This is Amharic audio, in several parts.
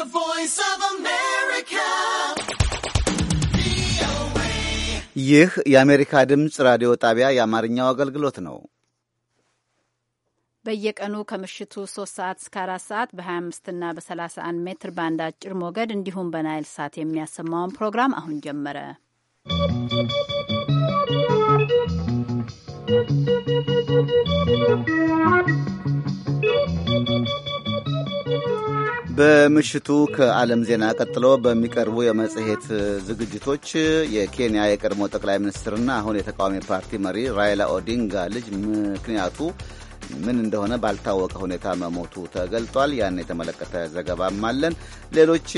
The Voice of America. ይህ የአሜሪካ ድምፅ ራዲዮ ጣቢያ የአማርኛው አገልግሎት ነው። በየቀኑ ከምሽቱ 3 ሰዓት እስከ 4 ሰዓት በ25 እና በ31 ሜትር ባንድ አጭር ሞገድ እንዲሁም በናይል ሳት የሚያሰማውን ፕሮግራም አሁን ጀመረ። ¶¶ በምሽቱ ከዓለም ዜና ቀጥሎ በሚቀርቡ የመጽሔት ዝግጅቶች የኬንያ የቀድሞ ጠቅላይ ሚኒስትርና አሁን የተቃዋሚ ፓርቲ መሪ ራይላ ኦዲንጋ ልጅ ምክንያቱ ምን እንደሆነ ባልታወቀ ሁኔታ መሞቱ ተገልጧል። ያን የተመለከተ ዘገባም አለን። ሌሎች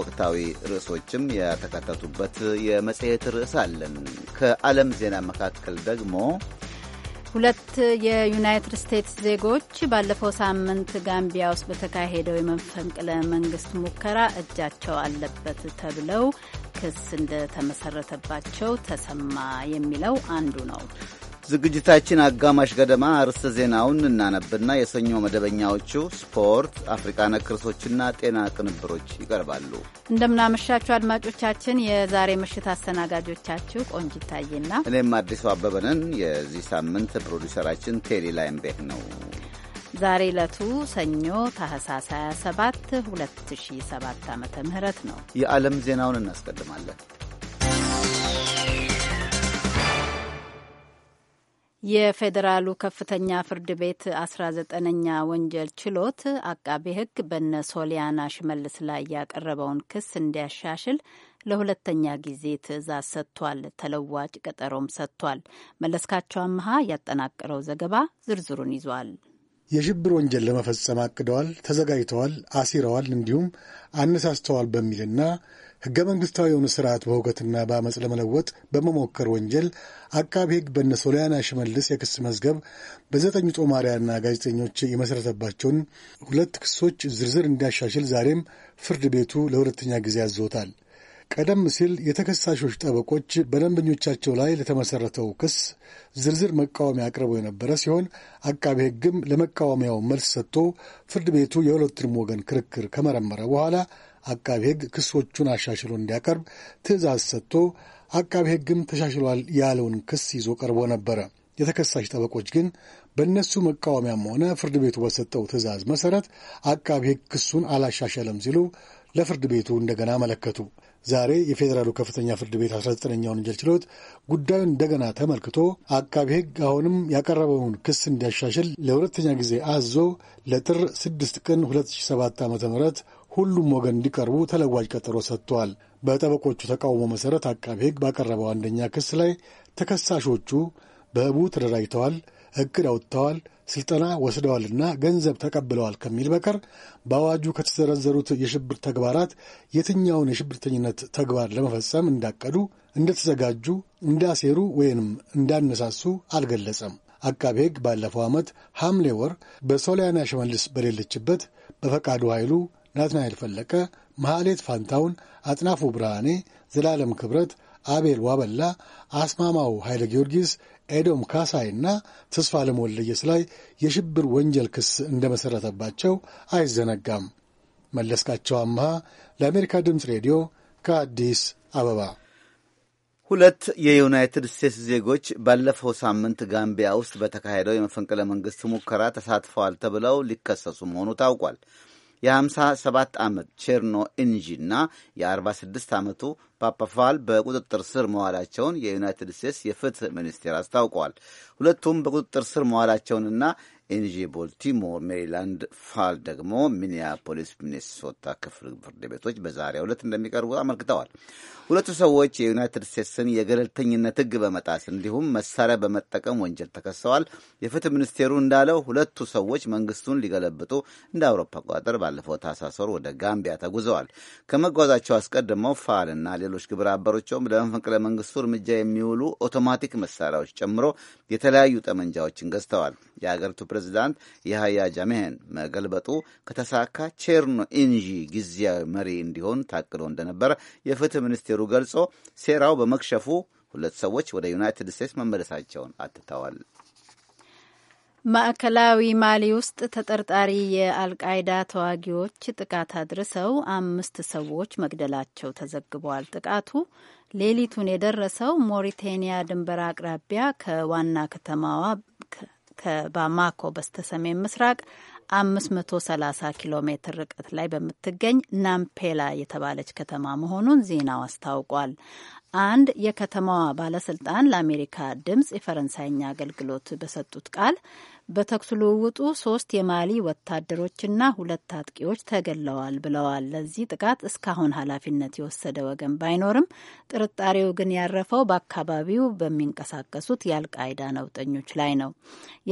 ወቅታዊ ርዕሶችም የተካተቱበት የመጽሔት ርዕስ አለን። ከዓለም ዜና መካከል ደግሞ ሁለት የዩናይትድ ስቴትስ ዜጎች ባለፈው ሳምንት ጋምቢያ ውስጥ በተካሄደው የመፈንቅለ መንግስት ሙከራ እጃቸው አለበት ተብለው ክስ እንደተመሰረተባቸው ተሰማ የሚለው አንዱ ነው። ዝግጅታችን አጋማሽ ገደማ አርዕስተ ዜናውን እናነብና የሰኞ መደበኛዎቹ ስፖርት፣ አፍሪቃ ነክ ርዕሶችና ጤና ቅንብሮች ይቀርባሉ። እንደምናመሻችሁ አድማጮቻችን፣ የዛሬ ምሽት አስተናጋጆቻችሁ ቆንጅ ይታየና እኔም አዲሱ አበበንን። የዚህ ሳምንት ፕሮዲሰራችን ቴሊ ላይምቤክ ነው። ዛሬ ዕለቱ ሰኞ ታህሳስ 27 2007 ዓ ም ነው። የዓለም ዜናውን እናስቀድማለን። የፌዴራሉ ከፍተኛ ፍርድ ቤት 19ኛ ወንጀል ችሎት አቃቤ ሕግ በነ ሶሊያና ሽመልስ ላይ ያቀረበውን ክስ እንዲያሻሽል ለሁለተኛ ጊዜ ትዕዛዝ ሰጥቷል። ተለዋጭ ቀጠሮም ሰጥቷል። መለስካቸው አምሃ ያጠናቀረው ዘገባ ዝርዝሩን ይዟል። የሽብር ወንጀል ለመፈጸም አቅደዋል፣ ተዘጋጅተዋል፣ አሲረዋል፣ እንዲሁም አነሳስተዋል በሚልና ሕገ መንግሥታዊውን ስርዓት በውገትና በአመፅ ለመለወጥ በመሞከር ወንጀል አቃቢ ሕግ በነ ሶሊያና ሽመልስ የክስ መዝገብ በዘጠኝ ጦማሪያና ጋዜጠኞች የመሠረተባቸውን ሁለት ክሶች ዝርዝር እንዲያሻሽል ዛሬም ፍርድ ቤቱ ለሁለተኛ ጊዜ አዞታል። ቀደም ሲል የተከሳሾች ጠበቆች በደንበኞቻቸው ላይ ለተመሠረተው ክስ ዝርዝር መቃወሚያ አቅርበው የነበረ ሲሆን አቃቤ ሕግም ለመቃወሚያው መልስ ሰጥቶ ፍርድ ቤቱ የሁለቱንም ወገን ክርክር ከመረመረ በኋላ አቃቢ ሕግ ክሶቹን አሻሽሎ እንዲያቀርብ ትዕዛዝ ሰጥቶ አቃቢ ሕግም ተሻሽሏል ያለውን ክስ ይዞ ቀርቦ ነበረ። የተከሳሽ ጠበቆች ግን በእነሱ መቃወሚያም ሆነ ፍርድ ቤቱ በሰጠው ትዕዛዝ መሰረት አቃቢ ሕግ ክሱን አላሻሸለም ሲሉ ለፍርድ ቤቱ እንደገና አመለከቱ። ዛሬ የፌዴራሉ ከፍተኛ ፍርድ ቤት 19ኛ ወንጀል ችሎት ጉዳዩን እንደገና ተመልክቶ አቃቢ ሕግ አሁንም ያቀረበውን ክስ እንዲያሻሽል ለሁለተኛ ጊዜ አዞ ለጥር 6 ቀን 2007 ም ሁሉም ወገን እንዲቀርቡ ተለዋጭ ቀጠሮ ሰጥቷል። በጠበቆቹ ተቃውሞ መሠረት አቃቤ ሕግ ባቀረበው አንደኛ ክስ ላይ ተከሳሾቹ በህቡ ተደራጅተዋል፣ እቅድ አውጥተዋል፣ ሥልጠና ወስደዋልና ገንዘብ ተቀብለዋል ከሚል በቀር በአዋጁ ከተዘረዘሩት የሽብር ተግባራት የትኛውን የሽብርተኝነት ተግባር ለመፈጸም እንዳቀዱ፣ እንደተዘጋጁ፣ እንዳሴሩ ወይንም እንዳነሳሱ አልገለጸም። አቃቤ ሕግ ባለፈው ዓመት ሐምሌ ወር በሶሊያና ሽመልስ በሌለችበት በፈቃዱ ኃይሉ ናትናኤል ፈለቀ፣ መሐሌት ፋንታውን፣ አጥናፉ ብርሃኔ፣ ዘላለም ክብረት፣ አቤል ዋበላ፣ አስማማው ኃይለ ጊዮርጊስ፣ ኤዶም ካሳይና ተስፋ ለመወለየስ ላይ የሽብር ወንጀል ክስ እንደመሠረተባቸው አይዘነጋም። መለስካቸው አምሃ ለአሜሪካ ድምፅ ሬዲዮ ከአዲስ አበባ። ሁለት የዩናይትድ ስቴትስ ዜጎች ባለፈው ሳምንት ጋምቢያ ውስጥ በተካሄደው የመፈንቅለ መንግሥት ሙከራ ተሳትፈዋል ተብለው ሊከሰሱ መሆኑ ታውቋል። የ57 ዓመት ቼርኖ ኢንጂ እና የ46 ዓመቱ ፓፓፋል በቁጥጥር ስር መዋላቸውን የዩናይትድ ስቴትስ የፍትህ ሚኒስቴር አስታውቋል። ሁለቱም በቁጥጥር ስር መዋላቸውንና ቦልቲሞር፣ ሜሪላንድ ፋል ደግሞ ሚኒያፖሊስ ሚኒሶታ ክፍል ፍርድ ቤቶች በዛሬው ዕለት እንደሚቀርቡ አመልክተዋል። ሁለቱ ሰዎች የዩናይትድ ስቴትስን የገለልተኝነት ሕግ በመጣስ እንዲሁም መሳሪያ በመጠቀም ወንጀል ተከሰዋል። የፍትህ ሚኒስቴሩ እንዳለው ሁለቱ ሰዎች መንግስቱን ሊገለብጡ እንደ አውሮፓ አቆጣጠር ባለፈው ታህሳስ ወር ወደ ጋምቢያ ተጉዘዋል። ከመጓዛቸው አስቀድመው ፋልና ሌሎች ግብረ አበሮቸውም ለመፈንቅለ መንግስቱ እርምጃ የሚውሉ ኦቶማቲክ መሳሪያዎች ጨምሮ የተለያዩ ጠመንጃዎችን ገዝተዋል። የአገሪቱ ፕሬዚዳንት የሀያ ጃሜህን መገልበጡ ከተሳካ ቼርኖ ኢንዢ ጊዜያዊ መሪ እንዲሆን ታቅዶ እንደነበረ የፍትህ ሚኒስቴሩ ገልጾ ሴራው በመክሸፉ ሁለት ሰዎች ወደ ዩናይትድ ስቴትስ መመለሳቸውን አትተዋል። ማዕከላዊ ማሊ ውስጥ ተጠርጣሪ የአልቃይዳ ተዋጊዎች ጥቃት አድርሰው አምስት ሰዎች መግደላቸው ተዘግበዋል። ጥቃቱ ሌሊቱን የደረሰው ሞሪቴኒያ ድንበር አቅራቢያ ከዋና ከተማዋ ከባማኮ በስተሰሜን ምስራቅ 530 ኪሎ ሜትር ርቀት ላይ በምትገኝ ናምፔላ የተባለች ከተማ መሆኑን ዜናው አስታውቋል። አንድ የከተማዋ ባለስልጣን ለአሜሪካ ድምፅ የፈረንሳይኛ አገልግሎት በሰጡት ቃል በተኩስ ልውውጡ ሶስት የማሊ ወታደሮችና ሁለት አጥቂዎች ተገለዋል ብለዋል። ለዚህ ጥቃት እስካሁን ኃላፊነት የወሰደ ወገን ባይኖርም ጥርጣሬው ግን ያረፈው በአካባቢው በሚንቀሳቀሱት የአልቃይዳ ነውጠኞች ላይ ነው።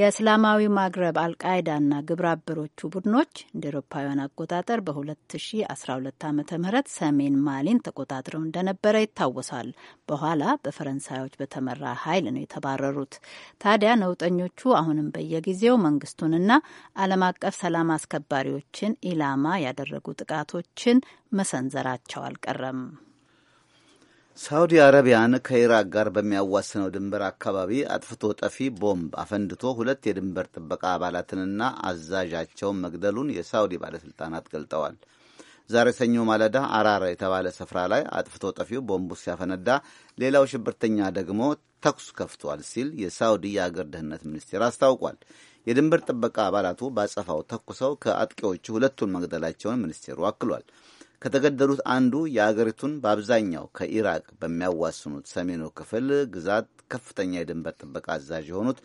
የእስላማዊ ማግረብ አልቃይዳና ግብረ አበሮቹ ቡድኖች እንደ ኤሮፓውያን አቆጣጠር በ2012 ዓ ም ሰሜን ማሊን ተቆጣጥረው እንደነበረ ይታወሳል። በኋላ በፈረንሳዮች በተመራ ኃይል ነው የተባረሩት። ታዲያ ነውጠኞቹ አሁንም በየጊ በየጊዜው መንግስቱንና ዓለም አቀፍ ሰላም አስከባሪዎችን ኢላማ ያደረጉ ጥቃቶችን መሰንዘራቸው አልቀረም። ሳውዲ አረቢያን ከኢራቅ ጋር በሚያዋስነው ድንበር አካባቢ አጥፍቶ ጠፊ ቦምብ አፈንድቶ ሁለት የድንበር ጥበቃ አባላትንና አዛዣቸውን መግደሉን የሳውዲ ባለሥልጣናት ገልጠዋል። ዛሬ ሰኞ ማለዳ አራራ የተባለ ስፍራ ላይ አጥፍቶ ጠፊው ቦምቡ ሲያፈነዳ ሌላው ሽብርተኛ ደግሞ ተኩስ ከፍቷል ሲል የሳውዲ የአገር ደህንነት ሚኒስቴር አስታውቋል። የድንበር ጥበቃ አባላቱ ባጸፋው ተኩሰው ከአጥቂዎቹ ሁለቱን መግደላቸውን ሚኒስቴሩ አክሏል። ከተገደሉት አንዱ የአገሪቱን በአብዛኛው ከኢራቅ በሚያዋስኑት ሰሜኑ ክፍል ግዛት ከፍተኛ የድንበር ጥበቃ አዛዥ የሆኑት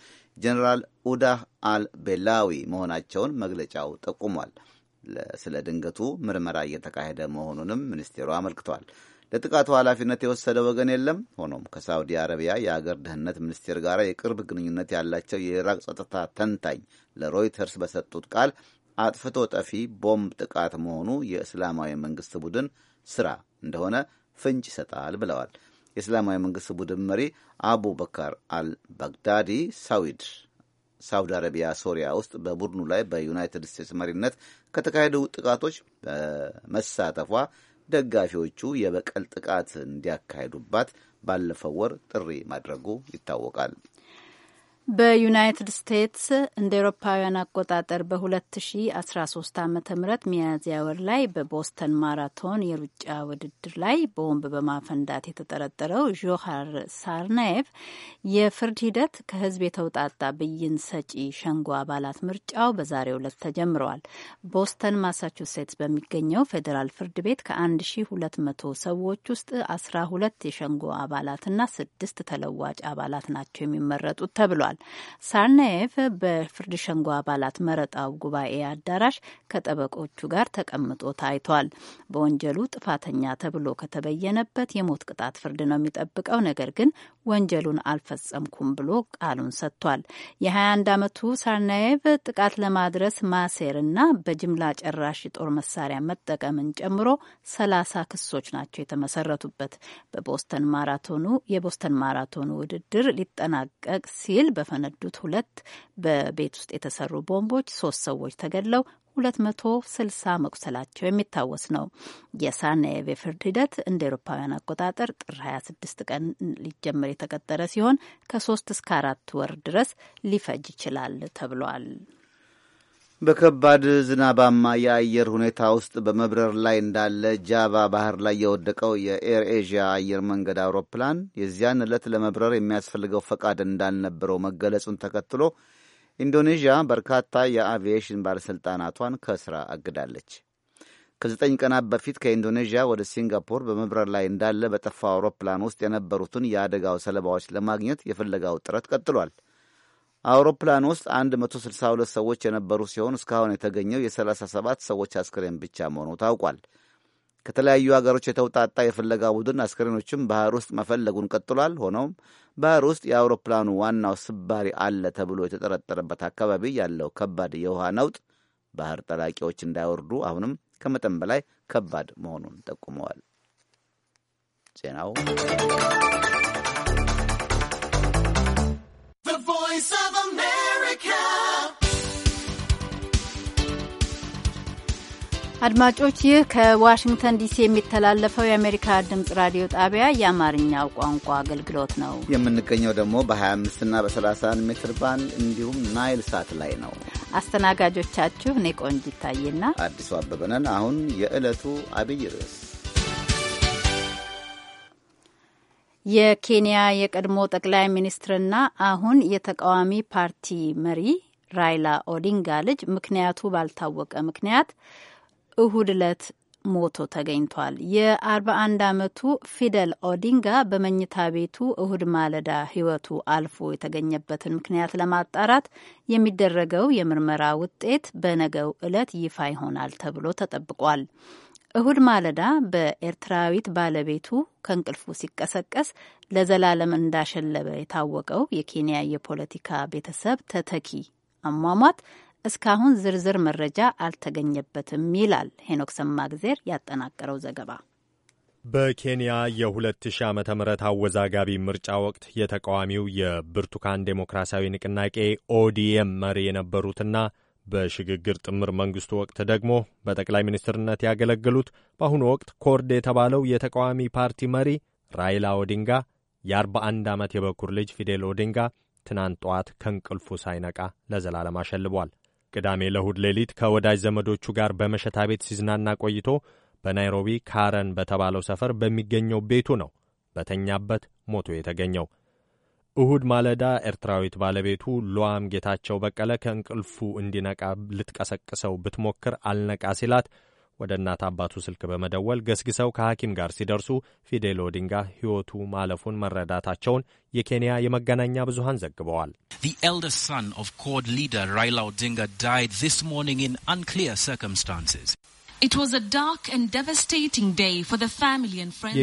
ጀኔራል ኡዳህ አል ቤላዊ መሆናቸውን መግለጫው ጠቁሟል። ስለ ድንገቱ ምርመራ እየተካሄደ መሆኑንም ሚኒስቴሩ አመልክቷል። ለጥቃቱ ኃላፊነት የወሰደ ወገን የለም። ሆኖም ከሳውዲ አረቢያ የአገር ደህንነት ሚኒስቴር ጋር የቅርብ ግንኙነት ያላቸው የኢራቅ ጸጥታ ተንታኝ ለሮይተርስ በሰጡት ቃል አጥፍቶ ጠፊ ቦምብ ጥቃት መሆኑ የእስላማዊ መንግስት ቡድን ስራ እንደሆነ ፍንጭ ይሰጣል ብለዋል። የእስላማዊ መንግስት ቡድን መሪ አቡ በካር አልባግዳዲ ሳዊድ ሳውዲ አረቢያ ሶሪያ ውስጥ በቡድኑ ላይ በዩናይትድ ስቴትስ መሪነት ከተካሄዱ ጥቃቶች በመሳተፏ ደጋፊዎቹ የበቀል ጥቃት እንዲያካሂዱባት ባለፈው ወር ጥሪ ማድረጉ ይታወቃል። በዩናይትድ ስቴትስ እንደ ኤሮፓውያን አቆጣጠር በ2013 ዓ ም ሚያዝያ ወር ላይ በቦስተን ማራቶን የሩጫ ውድድር ላይ ቦምብ በማፈንዳት የተጠረጠረው ዦሃር ሳርናኤቭ የፍርድ ሂደት ከህዝብ የተውጣጣ ብይን ሰጪ ሸንጎ አባላት ምርጫው በዛሬው ዕለት ተጀምረዋል። ቦስተን ማሳቹሴትስ በሚገኘው ፌዴራል ፍርድ ቤት ከ1200 ሰዎች ውስጥ 12 የሸንጎ አባላትና ስድስት ተለዋጭ አባላት ናቸው የሚመረጡት ተብሏል። ተናግረዋል። ሳርናኤቭ በፍርድ ሸንጎ አባላት መረጣው ጉባኤ አዳራሽ ከጠበቆቹ ጋር ተቀምጦ ታይቷል። በወንጀሉ ጥፋተኛ ተብሎ ከተበየነበት የሞት ቅጣት ፍርድ ነው የሚጠብቀው። ነገር ግን ወንጀሉን አልፈጸምኩም ብሎ ቃሉን ሰጥቷል። የ21 ዓመቱ ሳርናኤቭ ጥቃት ለማድረስ ማሴር እና በጅምላ ጨራሽ የጦር መሳሪያ መጠቀምን ጨምሮ ሰላሳ ክሶች ናቸው የተመሰረቱበት በቦስተን ማራቶኑ የቦስተን ማራቶኑ ውድድር ሊጠናቀቅ ሲል በ በፈነዱት ሁለት በቤት ውስጥ የተሰሩ ቦምቦች ሶስት ሰዎች ተገድለው 260 መቁሰላቸው የሚታወስ ነው። የሳኔቭ የፍርድ ሂደት እንደ ኤሮፓውያን አቆጣጠር ጥር 26 ቀን ሊጀመር የተቀጠረ ሲሆን ከሶስት እስከ አራት ወር ድረስ ሊፈጅ ይችላል ተብሏል። በከባድ ዝናባማ የአየር ሁኔታ ውስጥ በመብረር ላይ እንዳለ ጃቫ ባህር ላይ የወደቀው የኤር ኤዥያ አየር መንገድ አውሮፕላን የዚያን ዕለት ለመብረር የሚያስፈልገው ፈቃድ እንዳልነበረው መገለጹን ተከትሎ ኢንዶኔዥያ በርካታ የአቪዬሽን ባለሥልጣናቷን ከስራ አግዳለች። ከዘጠኝ ቀናት በፊት ከኢንዶኔዥያ ወደ ሲንጋፖር በመብረር ላይ እንዳለ በጠፋው አውሮፕላን ውስጥ የነበሩትን የአደጋው ሰለባዎች ለማግኘት የፍለጋው ጥረት ቀጥሏል። አውሮፕላን ውስጥ 162 ሰዎች የነበሩ ሲሆን እስካሁን የተገኘው የ37 ሰዎች አስክሬን ብቻ መሆኑ ታውቋል። ከተለያዩ ሀገሮች የተውጣጣ የፍለጋ ቡድን አስክሬኖችም ባህር ውስጥ መፈለጉን ቀጥሏል። ሆኖም ባህር ውስጥ የአውሮፕላኑ ዋናው ስባሪ አለ ተብሎ የተጠረጠረበት አካባቢ ያለው ከባድ የውሃ ነውጥ ባህር ጠላቂዎች እንዳይወርዱ አሁንም ከመጠን በላይ ከባድ መሆኑን ጠቁመዋል። ዜናው አድማጮች ይህ ከዋሽንግተን ዲሲ የሚተላለፈው የአሜሪካ ድምጽ ራዲዮ ጣቢያ የአማርኛው ቋንቋ አገልግሎት ነው። የምንገኘው ደግሞ በ25 እና በ31 ሜትር ባንድ እንዲሁም ናይል ሳት ላይ ነው። አስተናጋጆቻችሁ እኔ ቆንጅ ይታየና አዲሱ አበበነን። አሁን የዕለቱ አብይ ርዕስ የኬንያ የቀድሞ ጠቅላይ ሚኒስትርና አሁን የተቃዋሚ ፓርቲ መሪ ራይላ ኦዲንጋ ልጅ ምክንያቱ ባልታወቀ ምክንያት እሁድ ዕለት ሞቶ ተገኝቷል። የ41 ዓመቱ ፊደል ኦዲንጋ በመኝታ ቤቱ እሁድ ማለዳ ሕይወቱ አልፎ የተገኘበትን ምክንያት ለማጣራት የሚደረገው የምርመራ ውጤት በነገው ዕለት ይፋ ይሆናል ተብሎ ተጠብቋል። እሁድ ማለዳ በኤርትራዊት ባለቤቱ ከእንቅልፉ ሲቀሰቀስ ለዘላለም እንዳሸለበ የታወቀው የኬንያ የፖለቲካ ቤተሰብ ተተኪ አሟሟት እስካሁን ዝርዝር መረጃ አልተገኘበትም ይላል ሄኖክ ሰማግዜር ያጠናቀረው ዘገባ። በኬንያ የ2000 ዓ ም አወዛጋቢ ምርጫ ወቅት የተቃዋሚው የብርቱካን ዴሞክራሲያዊ ንቅናቄ ኦዲኤም መሪ የነበሩትና በሽግግር ጥምር መንግስቱ ወቅት ደግሞ በጠቅላይ ሚኒስትርነት ያገለገሉት በአሁኑ ወቅት ኮርድ የተባለው የተቃዋሚ ፓርቲ መሪ ራይላ ኦዲንጋ የ41 ዓመት የበኩር ልጅ ፊዴል ኦዲንጋ ትናንት ጠዋት ከእንቅልፉ ሳይነቃ ለዘላለም አሸልቧል። ቅዳሜ ለእሁድ ሌሊት ከወዳጅ ዘመዶቹ ጋር በመሸታ ቤት ሲዝናና ቆይቶ በናይሮቢ ካረን በተባለው ሰፈር በሚገኘው ቤቱ ነው በተኛበት ሞቶ የተገኘው። እሁድ ማለዳ ኤርትራዊት ባለቤቱ ሉዋም ጌታቸው በቀለ ከእንቅልፉ እንዲነቃ ልትቀሰቅሰው ብትሞክር አልነቃ ሲላት ወደ እናት አባቱ ስልክ በመደወል ገስግሰው ከሐኪም ጋር ሲደርሱ ፊዴል ኦዲንጋ ሕይወቱ ማለፉን መረዳታቸውን የኬንያ የመገናኛ ብዙሃን ዘግበዋል።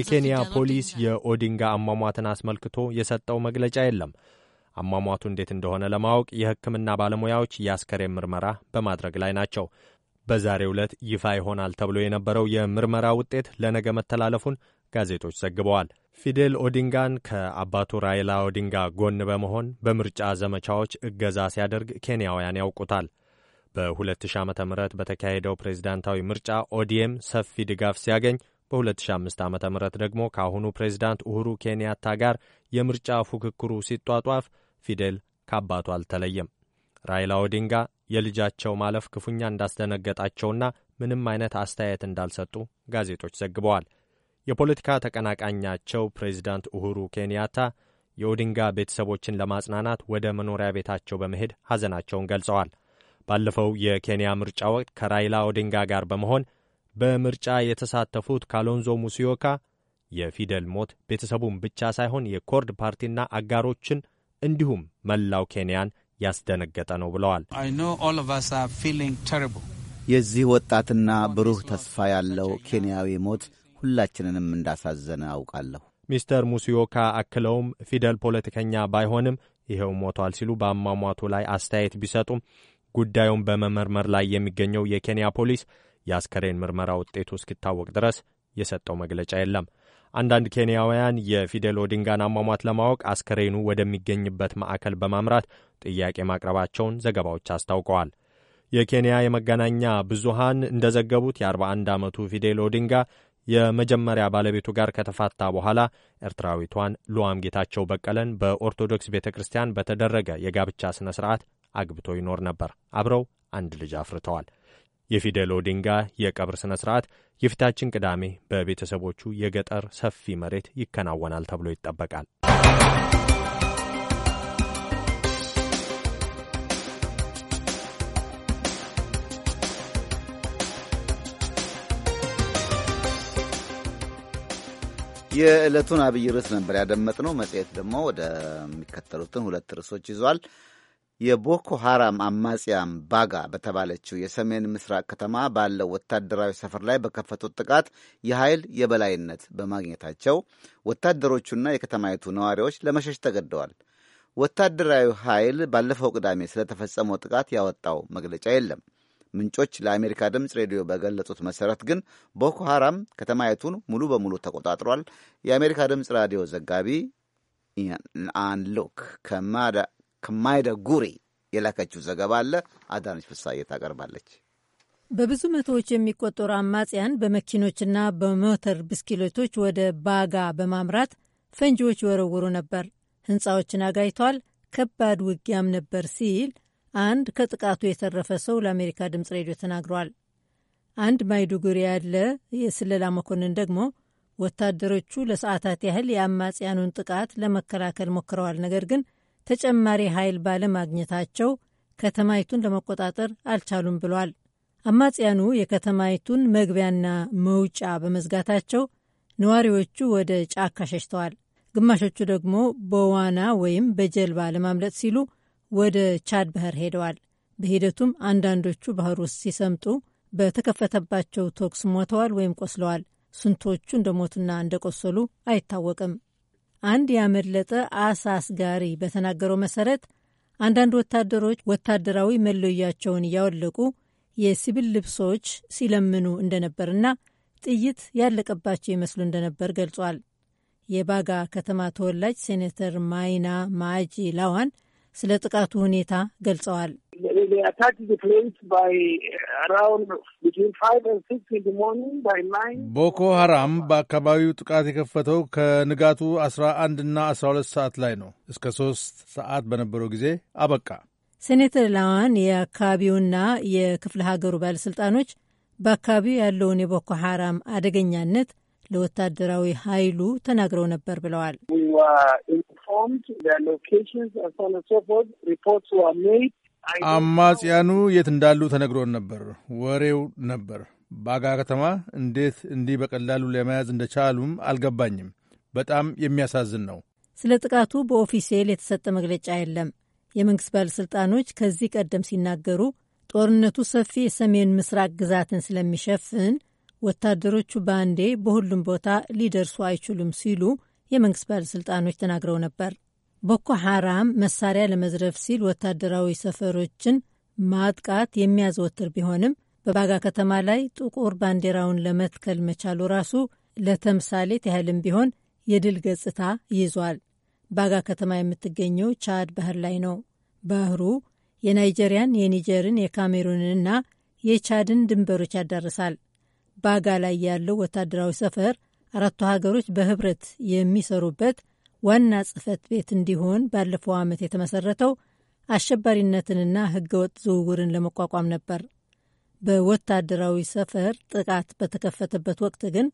የኬንያ ፖሊስ የኦዲንጋ አሟሟትን አስመልክቶ የሰጠው መግለጫ የለም። አሟሟቱ እንዴት እንደሆነ ለማወቅ የሕክምና ባለሙያዎች የአስከሬን ምርመራ በማድረግ ላይ ናቸው። በዛሬው ዕለት ይፋ ይሆናል ተብሎ የነበረው የምርመራ ውጤት ለነገ መተላለፉን ጋዜጦች ዘግበዋል። ፊዴል ኦዲንጋን ከአባቱ ራይላ ኦዲንጋ ጎን በመሆን በምርጫ ዘመቻዎች እገዛ ሲያደርግ ኬንያውያን ያውቁታል። በ2000 ዓ ም በተካሄደው ፕሬዝዳንታዊ ምርጫ ኦዲኤም ሰፊ ድጋፍ ሲያገኝ በ2005 ዓ ም ደግሞ ከአሁኑ ፕሬዝዳንት ኡሁሩ ኬንያታ ጋር የምርጫ ፉክክሩ ሲጧጧፍ ፊዴል ከአባቱ አልተለየም። ራይላ ኦዲንጋ የልጃቸው ማለፍ ክፉኛ እንዳስደነገጣቸውና ምንም አይነት አስተያየት እንዳልሰጡ ጋዜጦች ዘግበዋል። የፖለቲካ ተቀናቃኛቸው ፕሬዚዳንት ኡሁሩ ኬንያታ የኦዲንጋ ቤተሰቦችን ለማጽናናት ወደ መኖሪያ ቤታቸው በመሄድ ሐዘናቸውን ገልጸዋል። ባለፈው የኬንያ ምርጫ ወቅት ከራይላ ኦዲንጋ ጋር በመሆን በምርጫ የተሳተፉት ካሎንዞ ሙስዮካ የፊደል ሞት ቤተሰቡን ብቻ ሳይሆን የኮርድ ፓርቲና አጋሮችን እንዲሁም መላው ኬንያን ያስደነገጠ ነው ብለዋል። የዚህ ወጣትና ብሩህ ተስፋ ያለው ኬንያዊ ሞት ሁላችንንም እንዳሳዘነ አውቃለሁ። ሚስተር ሙሲዮካ አክለውም ፊደል ፖለቲከኛ ባይሆንም ይኸው ሞቷል ሲሉ በአሟሟቱ ላይ አስተያየት ቢሰጡም ጉዳዩን በመመርመር ላይ የሚገኘው የኬንያ ፖሊስ የአስከሬን ምርመራ ውጤቱ እስኪታወቅ ድረስ የሰጠው መግለጫ የለም። አንዳንድ ኬንያውያን የፊደል ኦዲንጋን አሟሟት ለማወቅ አስከሬኑ ወደሚገኝበት ማዕከል በማምራት ጥያቄ ማቅረባቸውን ዘገባዎች አስታውቀዋል። የኬንያ የመገናኛ ብዙሃን እንደዘገቡት የ41 ዓመቱ ፊዴል ኦዲንጋ የመጀመሪያ ባለቤቱ ጋር ከተፋታ በኋላ ኤርትራዊቷን ሉዋም ጌታቸው በቀለን በኦርቶዶክስ ቤተ ክርስቲያን በተደረገ የጋብቻ ሥነ ሥርዓት አግብቶ ይኖር ነበር። አብረው አንድ ልጅ አፍርተዋል። የፊዴል ኦዲንጋ የቀብር ሥነ ሥርዓት የፊታችን ቅዳሜ በቤተሰቦቹ የገጠር ሰፊ መሬት ይከናወናል ተብሎ ይጠበቃል። የዕለቱን አብይ ርዕስ ነበር ያደመጥነው። መጽሔት ደግሞ ወደሚከተሉትን ሁለት ርዕሶች ይዟል። የቦኮ ሐራም አማጽያም ባጋ በተባለችው የሰሜን ምስራቅ ከተማ ባለው ወታደራዊ ሰፈር ላይ በከፈቱት ጥቃት የኃይል የበላይነት በማግኘታቸው ወታደሮቹና የከተማይቱ ነዋሪዎች ለመሸሽ ተገደዋል። ወታደራዊ ኃይል ባለፈው ቅዳሜ ስለተፈጸመው ጥቃት ያወጣው መግለጫ የለም። ምንጮች ለአሜሪካ ድምፅ ሬዲዮ በገለጹት መሰረት ግን ቦኮ ሐራም ከተማይቱን ሙሉ በሙሉ ተቆጣጥሯል። የአሜሪካ ድምፅ ራዲዮ ዘጋቢ አንሎክ ከማይደ ጉሪ የላከችው ዘገባ አለ። አዳነች ፍሳዬ ታቀርባለች። በብዙ መቶዎች የሚቆጠሩ አማጽያን በመኪኖችና በሞተር ብስክሌቶች ወደ ባጋ በማምራት ፈንጂዎች ይወረውሩ ነበር፣ ሕንፃዎችን አጋይቷል። ከባድ ውጊያም ነበር ሲል አንድ ከጥቃቱ የተረፈ ሰው ለአሜሪካ ድምፅ ሬዲዮ ተናግሯል። አንድ ማይዱጉሪ ያለ የስለላ መኮንን ደግሞ ወታደሮቹ ለሰዓታት ያህል የአማጽያኑን ጥቃት ለመከላከል ሞክረዋል፣ ነገር ግን ተጨማሪ ኃይል ባለማግኘታቸው ከተማይቱን ለመቆጣጠር አልቻሉም ብሏል። አማጽያኑ የከተማይቱን መግቢያና መውጫ በመዝጋታቸው ነዋሪዎቹ ወደ ጫካ ሸሽተዋል። ግማሾቹ ደግሞ በዋና ወይም በጀልባ ለማምለጥ ሲሉ ወደ ቻድ ባህር ሄደዋል። በሂደቱም አንዳንዶቹ ባህር ውስጥ ሲሰምጡ በተከፈተባቸው ተኩስ ሞተዋል ወይም ቆስለዋል። ስንቶቹ እንደሞቱና እንደቆሰሉ አይታወቅም። አንድ ያመለጠ አሳ አስጋሪ በተናገረው መሰረት አንዳንድ ወታደሮች ወታደራዊ መለያቸውን እያወለቁ የሲቪል ልብሶች ሲለምኑ እንደነበርና ጥይት ያለቀባቸው ይመስሉ እንደነበር ገልጿል። የባጋ ከተማ ተወላጅ ሴኔተር ማይና ማጂ ላዋን ስለ ጥቃቱ ሁኔታ ገልጸዋል። ቦኮ ሀራም በአካባቢው ጥቃት የከፈተው ከንጋቱ 11 እና 12 ሰዓት ላይ ነው። እስከ 3 ሰዓት በነበረው ጊዜ አበቃ። ሴኔተር ላዋን የአካባቢውና የክፍለ ሀገሩ ባለሥልጣኖች በአካባቢው ያለውን የቦኮ ሀራም አደገኛነት ለወታደራዊ ኃይሉ ተናግረው ነበር ብለዋል። አማጽያኑ የት እንዳሉ ተነግሮን ነበር፣ ወሬው ነበር። ባጋ ከተማ እንዴት እንዲህ በቀላሉ ለመያዝ እንደቻሉም አልገባኝም። በጣም የሚያሳዝን ነው። ስለ ጥቃቱ በኦፊሴል የተሰጠ መግለጫ የለም። የመንግሥት ባለሥልጣኖች ከዚህ ቀደም ሲናገሩ ጦርነቱ ሰፊ የሰሜን ምስራቅ ግዛትን ስለሚሸፍን ወታደሮቹ በአንዴ በሁሉም ቦታ ሊደርሱ አይችሉም ሲሉ የመንግስት ባለሥልጣኖች ተናግረው ነበር። ቦኮ ሐራም መሳሪያ ለመዝረፍ ሲል ወታደራዊ ሰፈሮችን ማጥቃት የሚያዘወትር ቢሆንም በባጋ ከተማ ላይ ጥቁር ባንዲራውን ለመትከል መቻሉ ራሱ ለተምሳሌት ያህልም ቢሆን የድል ገጽታ ይዟል። ባጋ ከተማ የምትገኘው ቻድ ባህር ላይ ነው። ባህሩ የናይጀሪያን፣ የኒጀርን፣ የካሜሩንንና የቻድን ድንበሮች ያዳርሳል። ባጋ ላይ ያለው ወታደራዊ ሰፈር አራቱ ሀገሮች በህብረት የሚሰሩበት ዋና ጽህፈት ቤት እንዲሆን ባለፈው ዓመት የተመሰረተው አሸባሪነትንና ህገወጥ ዝውውርን ለመቋቋም ነበር። በወታደራዊ ሰፈር ጥቃት በተከፈተበት ወቅት ግን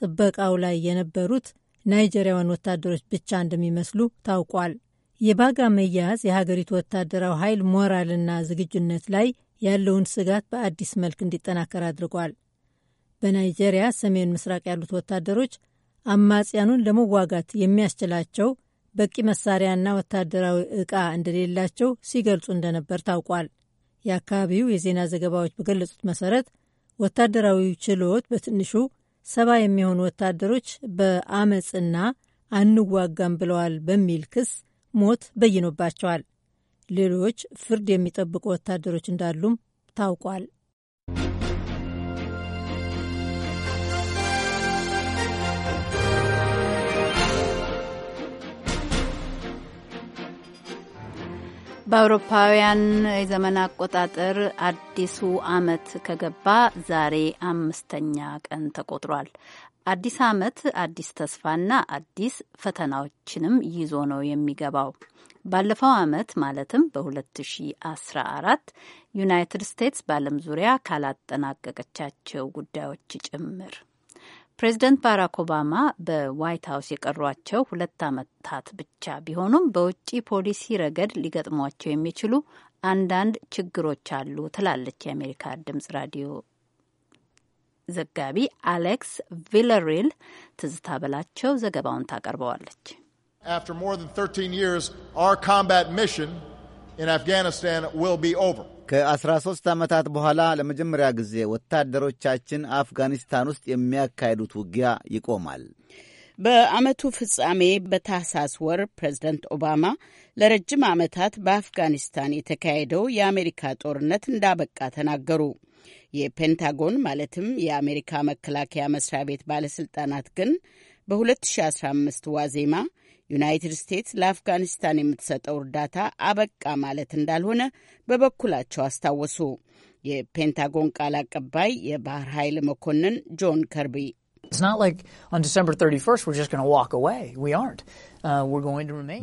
ጥበቃው ላይ የነበሩት ናይጀሪያውያን ወታደሮች ብቻ እንደሚመስሉ ታውቋል። የባጋ መያዝ የሀገሪቱ ወታደራዊ ኃይል ሞራልና ዝግጁነት ላይ ያለውን ስጋት በአዲስ መልክ እንዲጠናከር አድርጓል። በናይጄሪያ ሰሜን ምስራቅ ያሉት ወታደሮች አማጽያኑን ለመዋጋት የሚያስችላቸው በቂ መሳሪያና ወታደራዊ ዕቃ እንደሌላቸው ሲገልጹ እንደነበር ታውቋል። የአካባቢው የዜና ዘገባዎች በገለጹት መሰረት ወታደራዊ ችሎት በትንሹ ሰባ የሚሆኑ ወታደሮች በአመፅና አንዋጋም ብለዋል በሚል ክስ ሞት በይኖባቸዋል። ሌሎች ፍርድ የሚጠብቁ ወታደሮች እንዳሉም ታውቋል። በአውሮፓውያን የዘመን አቆጣጠር አዲሱ ዓመት ከገባ ዛሬ አምስተኛ ቀን ተቆጥሯል። አዲስ ዓመት አዲስ ተስፋና አዲስ ፈተናዎችንም ይዞ ነው የሚገባው። ባለፈው ዓመት ማለትም በ2014 ዩናይትድ ስቴትስ በዓለም ዙሪያ ካላጠናቀቀቻቸው ጉዳዮች ጭምር ፕሬዚደንት ባራክ ኦባማ በዋይት ሀውስ የቀሯቸው ሁለት ዓመታት ብቻ ቢሆኑም በውጭ ፖሊሲ ረገድ ሊገጥሟቸው የሚችሉ አንዳንድ ችግሮች አሉ ትላለች የአሜሪካ ድምጽ ራዲዮ ዘጋቢ አሌክስ ቪለሪል። ትዝታ በላቸው ዘገባውን ታቀርበዋለች። ከ13 ዓመታት በኋላ ለመጀመሪያ ጊዜ ወታደሮቻችን አፍጋኒስታን ውስጥ የሚያካሂዱት ውጊያ ይቆማል። በዓመቱ ፍጻሜ በታህሳስ ወር ፕሬዝደንት ኦባማ ለረጅም ዓመታት በአፍጋኒስታን የተካሄደው የአሜሪካ ጦርነት እንዳበቃ ተናገሩ። የፔንታጎን ማለትም የአሜሪካ መከላከያ መስሪያ ቤት ባለሥልጣናት ግን በ2015 ዋዜማ ዩናይትድ ስቴትስ ለአፍጋኒስታን የምትሰጠው እርዳታ አበቃ ማለት እንዳልሆነ በበኩላቸው አስታወሱ። የፔንታጎን ቃል አቀባይ የባህር ኃይል መኮንን ጆን ከርቢ uh,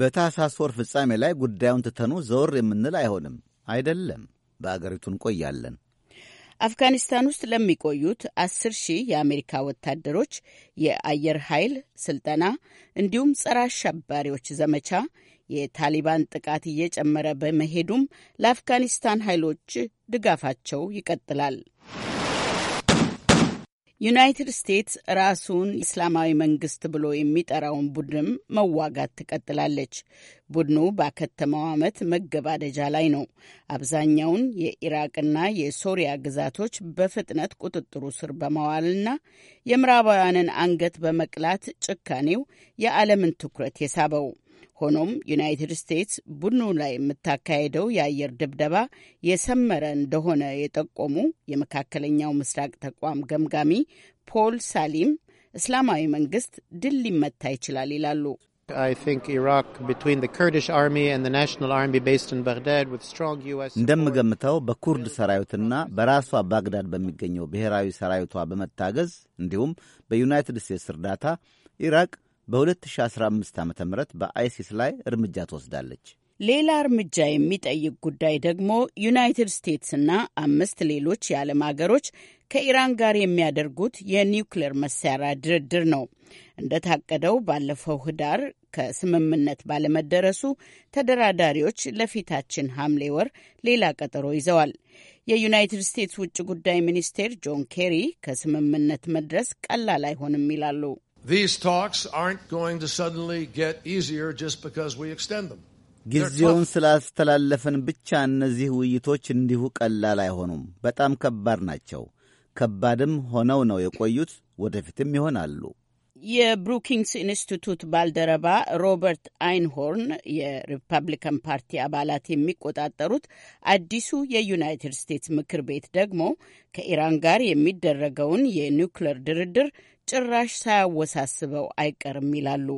በታህሳስ ወር ፍጻሜ ላይ ጉዳዩን ትተኑ ዘወር የምንል አይሆንም። አይደለም፣ በአገሪቱ እንቆያለን። አፍጋኒስታን ውስጥ ለሚቆዩት አስር ሺህ የአሜሪካ ወታደሮች የአየር ኃይል ስልጠና እንዲሁም ጸረ አሸባሪዎች ዘመቻ የታሊባን ጥቃት እየጨመረ በመሄዱም ለአፍጋኒስታን ኃይሎች ድጋፋቸው ይቀጥላል። ዩናይትድ ስቴትስ ራሱን እስላማዊ መንግስት ብሎ የሚጠራውን ቡድንም መዋጋት ትቀጥላለች። ቡድኑ ባከተመው ዓመት መገባደጃ ላይ ነው አብዛኛውን የኢራቅና የሶሪያ ግዛቶች በፍጥነት ቁጥጥሩ ስር በማዋልና የምዕራባውያንን አንገት በመቅላት ጭካኔው የዓለምን ትኩረት የሳበው። ሆኖም ዩናይትድ ስቴትስ ቡድኑ ላይ የምታካሄደው የአየር ድብደባ የሰመረ እንደሆነ የጠቆሙ የመካከለኛው ምስራቅ ተቋም ገምጋሚ ፖል ሳሊም እስላማዊ መንግስት ድል ሊመታ ይችላል ይላሉ። እንደምገምተው በኩርድ ሰራዊትና በራሷ ባግዳድ በሚገኘው ብሔራዊ ሰራዊቷ በመታገዝ እንዲሁም በዩናይትድ ስቴትስ እርዳታ ኢራቅ በ2015 ዓ ም በአይሲስ ላይ እርምጃ ትወስዳለች። ሌላ እርምጃ የሚጠይቅ ጉዳይ ደግሞ ዩናይትድ ስቴትስና አምስት ሌሎች የዓለም አገሮች ከኢራን ጋር የሚያደርጉት የኒውክሌር መሳሪያ ድርድር ነው። እንደታቀደው ባለፈው ህዳር ከስምምነት ባለመደረሱ ተደራዳሪዎች ለፊታችን ሐምሌ ወር ሌላ ቀጠሮ ይዘዋል። የዩናይትድ ስቴትስ ውጭ ጉዳይ ሚኒስቴር ጆን ኬሪ ከስምምነት መድረስ ቀላል አይሆንም ይላሉ። ጊዜውን ስላስተላለፈን ብቻ እነዚህ ውይይቶች እንዲሁ ቀላል አይሆኑም። በጣም ከባድ ናቸው። ከባድም ሆነው ነው የቆዩት፣ ወደፊትም ይሆናሉ። የብሩኪንግስ ኢንስቲቱት ባልደረባ ሮበርት አይንሆርን የሪፐብሊካን ፓርቲ አባላት የሚቆጣጠሩት አዲሱ የዩናይትድ ስቴትስ ምክር ቤት ደግሞ ከኢራን ጋር የሚደረገውን የኒውክለር ድርድር ጭራሽ ሳያወሳስበው አይቀርም ይላሉ።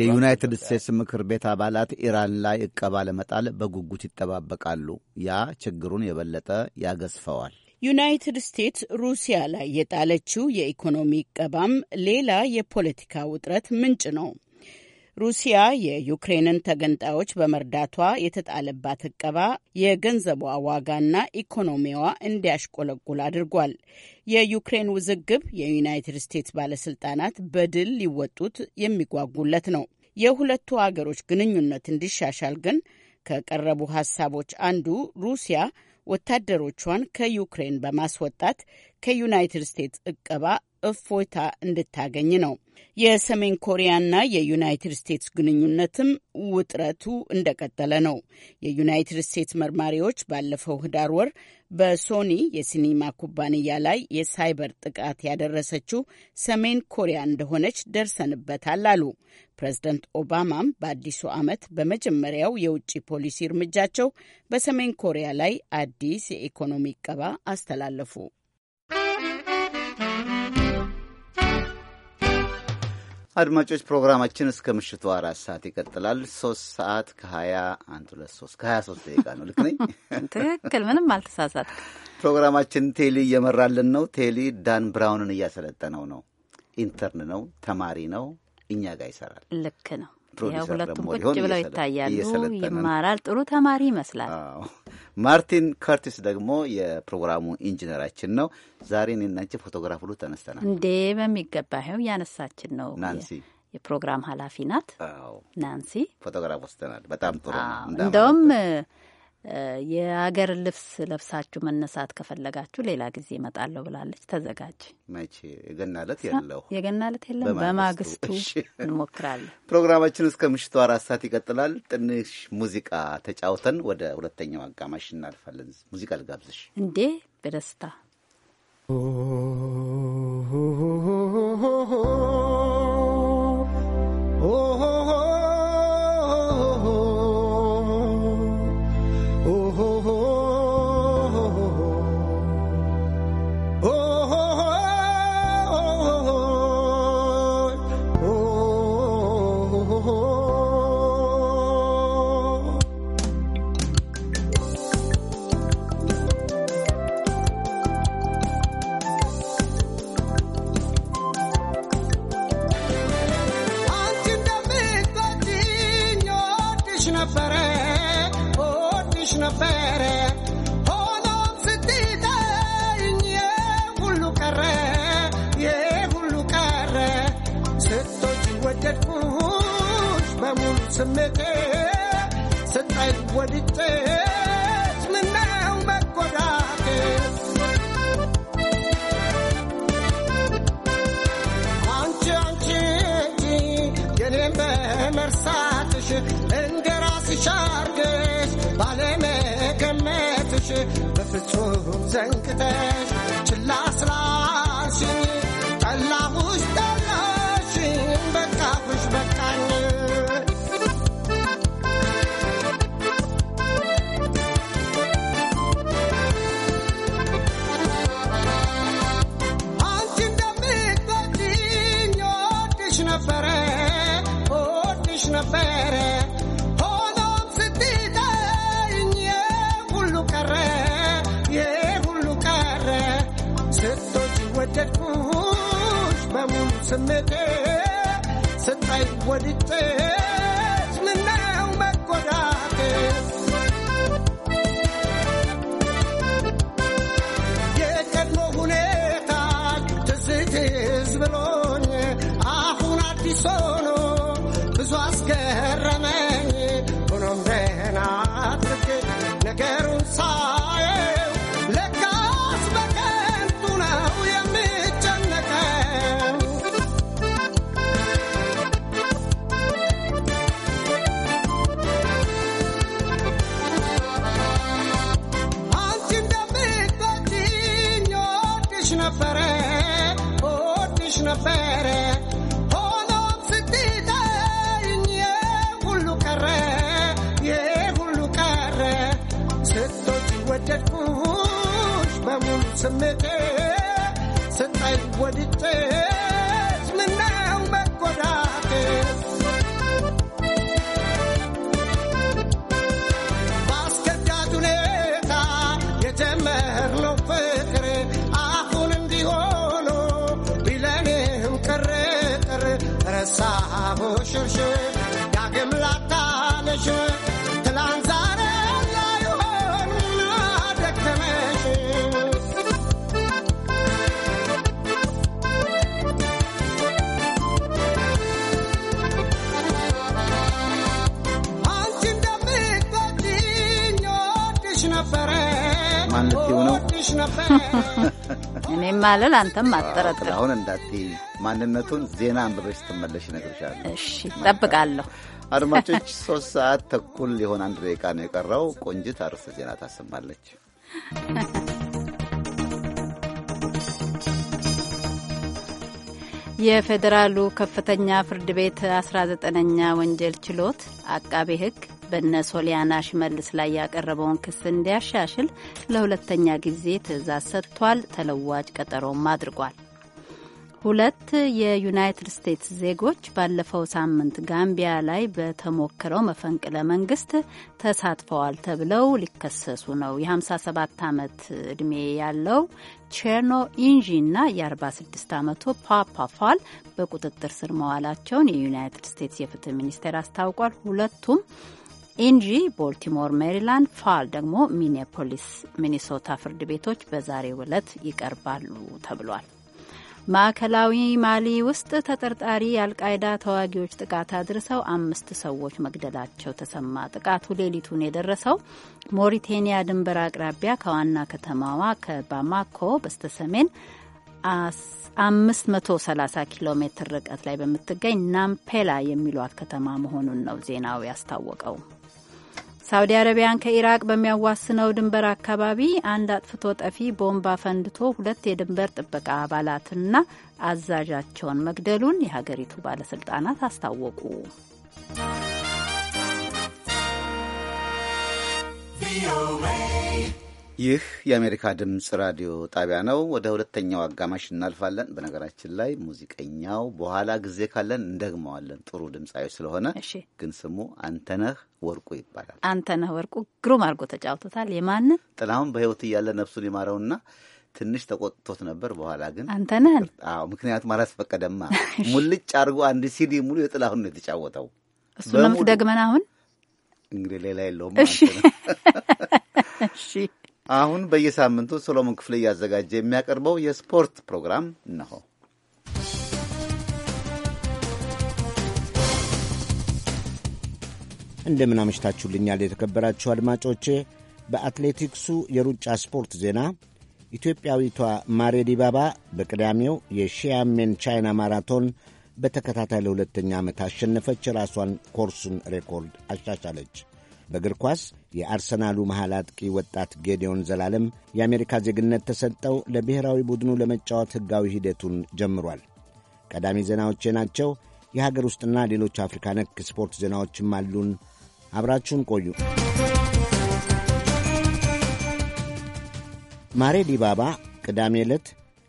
የዩናይትድ ስቴትስ ምክር ቤት አባላት ኢራን ላይ እቀባ ለመጣል በጉጉት ይጠባበቃሉ። ያ ችግሩን የበለጠ ያገዝፈዋል። ዩናይትድ ስቴትስ ሩሲያ ላይ የጣለችው የኢኮኖሚ እቀባም ሌላ የፖለቲካ ውጥረት ምንጭ ነው። ሩሲያ የዩክሬንን ተገንጣዮች በመርዳቷ የተጣለባት እቀባ የገንዘቧ ዋጋና ኢኮኖሚዋ እንዲያሽቆለቁል አድርጓል። የዩክሬን ውዝግብ የዩናይትድ ስቴትስ ባለስልጣናት በድል ሊወጡት የሚጓጉለት ነው። የሁለቱ አገሮች ግንኙነት እንዲሻሻል ግን ከቀረቡ ሀሳቦች አንዱ ሩሲያ ወታደሮቿን ከዩክሬን በማስወጣት ከዩናይትድ ስቴትስ እቀባ እፎይታ እንድታገኝ ነው። የሰሜን ኮሪያና የዩናይትድ ስቴትስ ግንኙነትም ውጥረቱ እንደቀጠለ ነው። የዩናይትድ ስቴትስ መርማሪዎች ባለፈው ህዳር ወር በሶኒ የሲኒማ ኩባንያ ላይ የሳይበር ጥቃት ያደረሰችው ሰሜን ኮሪያ እንደሆነች ደርሰንበታል አሉ። ፕሬዝደንት ኦባማም በአዲሱ ዓመት በመጀመሪያው የውጭ ፖሊሲ እርምጃቸው በሰሜን ኮሪያ ላይ አዲስ የኢኮኖሚ ቀባ አስተላለፉ። አድማጮች ፕሮግራማችን እስከ ምሽቱ አራት ሰዓት ይቀጥላል። ሶስት ሰዓት ከሀያ አንድ ሁለት ሶስት ከሀያ ሶስት ደቂቃ ነው። ልክ ነኝ? ትክክል፣ ምንም አልተሳሳት። ፕሮግራማችን ቴሊ እየመራልን ነው። ቴሊ ዳን ብራውንን እያሰለጠነው ነው። ኢንተርን ነው፣ ተማሪ ነው፣ እኛ ጋር ይሰራል። ልክ ነው። ሁለቱም ቁጭ ብለው ይታያሉ። ይማራል። ጥሩ ተማሪ ይመስላል። ማርቲን ከርቲስ ደግሞ የፕሮግራሙ ኢንጂነራችን ነው። ዛሬ እኔና ፎቶግራፍ ሁሉ ተነስተናል እንዴ? በሚገባ ይኸው እያነሳችን ነው። ናንሲ የፕሮግራም ኃላፊ ናት። ናንሲ ፎቶግራፍ ወስደናል። በጣም ጥሩ እንደውም የአገር ልብስ ለብሳችሁ መነሳት ከፈለጋችሁ ሌላ ጊዜ እመጣለሁ ብላለች። ተዘጋጅ። መቼ የገና ዕለት የለው የገና ዕለት የለም። በማግስቱ እንሞክራለን። ፕሮግራማችን እስከ ምሽቱ አራት ሰዓት ይቀጥላል። ትንሽ ሙዚቃ ተጫውተን ወደ ሁለተኛው አጋማሽ እናልፋለን። ሙዚቃ ልጋብዝሽ እንዴ? በደስታ Oh, oh, oh, oh, oh, oh, oh, Oh submit እኔም ማለል አንተም አጠረጥር። አሁን እንዳትዪ ማንነቱን ዜና አንብበሽ ስትመለሽ እነግርሻለሁ። እሺ ጠብቃለሁ። አድማጮች፣ ሶስት ሰዓት ተኩል የሆነ አንድ ደቂቃ ነው የቀረው። ቆንጅት አርዕስተ ዜና ታሰማለች። የፌዴራሉ ከፍተኛ ፍርድ ቤት 19ኛ ወንጀል ችሎት አቃቤ ሕግ በነ ሶሊያና ሽመልስ ላይ ያቀረበውን ክስ እንዲያሻሽል ለሁለተኛ ጊዜ ትዕዛዝ ሰጥቷል። ተለዋጭ ቀጠሮም አድርጓል። ሁለት የዩናይትድ ስቴትስ ዜጎች ባለፈው ሳምንት ጋምቢያ ላይ በተሞከረው መፈንቅለ መንግስት ተሳትፈዋል ተብለው ሊከሰሱ ነው። የ57 ዓመት ዕድሜ ያለው ቼርኖ ኢንጂ እና የ46 ዓመቱ ፓፓፋል በቁጥጥር ስር መዋላቸውን የዩናይትድ ስቴትስ የፍትህ ሚኒስቴር አስታውቋል። ሁለቱም ኢንጂ ቦልቲሞር ሜሪላንድ፣ ፋል ደግሞ ሚኒያፖሊስ ሚኒሶታ ፍርድ ቤቶች በዛሬው ዕለት ይቀርባሉ ተብሏል። ማዕከላዊ ማሊ ውስጥ ተጠርጣሪ የአልቃይዳ ተዋጊዎች ጥቃት አድርሰው አምስት ሰዎች መግደላቸው ተሰማ። ጥቃቱ ሌሊቱን የደረሰው ሞሪቴኒያ ድንበር አቅራቢያ ከዋና ከተማዋ ከባማኮ በስተሰሜን 530 ኪሎ ሜትር ርቀት ላይ በምትገኝ ናምፔላ የሚሏት ከተማ መሆኑን ነው ዜናው ያስታወቀው። ሳውዲ አረቢያን ከኢራቅ በሚያዋስነው ድንበር አካባቢ አንድ አጥፍቶ ጠፊ ቦምብ አፈንድቶ ሁለት የድንበር ጥበቃ አባላትና አዛዣቸውን መግደሉን የሀገሪቱ ባለስልጣናት አስታወቁ። ቪኦኤ ይህ የአሜሪካ ድምፅ ራዲዮ ጣቢያ ነው። ወደ ሁለተኛው አጋማሽ እናልፋለን። በነገራችን ላይ ሙዚቀኛው በኋላ ጊዜ ካለን እንደግመዋለን። ጥሩ ድምፃዊ ስለሆነ ግን ስሙ አንተነህ ወርቁ ይባላል። አንተነህ ወርቁ ግሩም አድርጎ ተጫውቶታል። የማንን ጥላሁን በህይወት እያለ ነፍሱን ይማረውና ትንሽ ተቆጥቶት ነበር። በኋላ ግን አንተነህን ምክንያቱም አላስፈቀደማ ሙልጭ አድርጎ አንድ ሲዲ ሙሉ የጥላሁን ነው የተጫወተው። እሱ ደግመን አሁን እንግዲህ ሌላ የለውም። እሺ አሁን በየሳምንቱ ሶሎሞን ክፍል እያዘጋጀ የሚያቀርበው የስፖርት ፕሮግራም ነው። እንደምን አመሽታችሁልኛል የተከበራችሁ አድማጮቼ። በአትሌቲክሱ የሩጫ ስፖርት ዜና ኢትዮጵያዊቷ ማሬ ዲባባ በቅዳሜው የሺያሜን ቻይና ማራቶን በተከታታይ ለሁለተኛ ዓመት አሸነፈች። የራሷን ኮርሱን ሬኮርድ አሻሻለች። በእግር ኳስ የአርሰናሉ መሃል አጥቂ ወጣት ጌዲዮን ዘላለም የአሜሪካ ዜግነት ተሰጠው። ለብሔራዊ ቡድኑ ለመጫወት ሕጋዊ ሂደቱን ጀምሯል። ቀዳሚ ዜናዎቼ ናቸው። የሀገር ውስጥና ሌሎች አፍሪካ ነክ ስፖርት ዜናዎችም አሉን። አብራችሁን ቆዩ። ማሬ ዲባባ ቅዳሜ ዕለት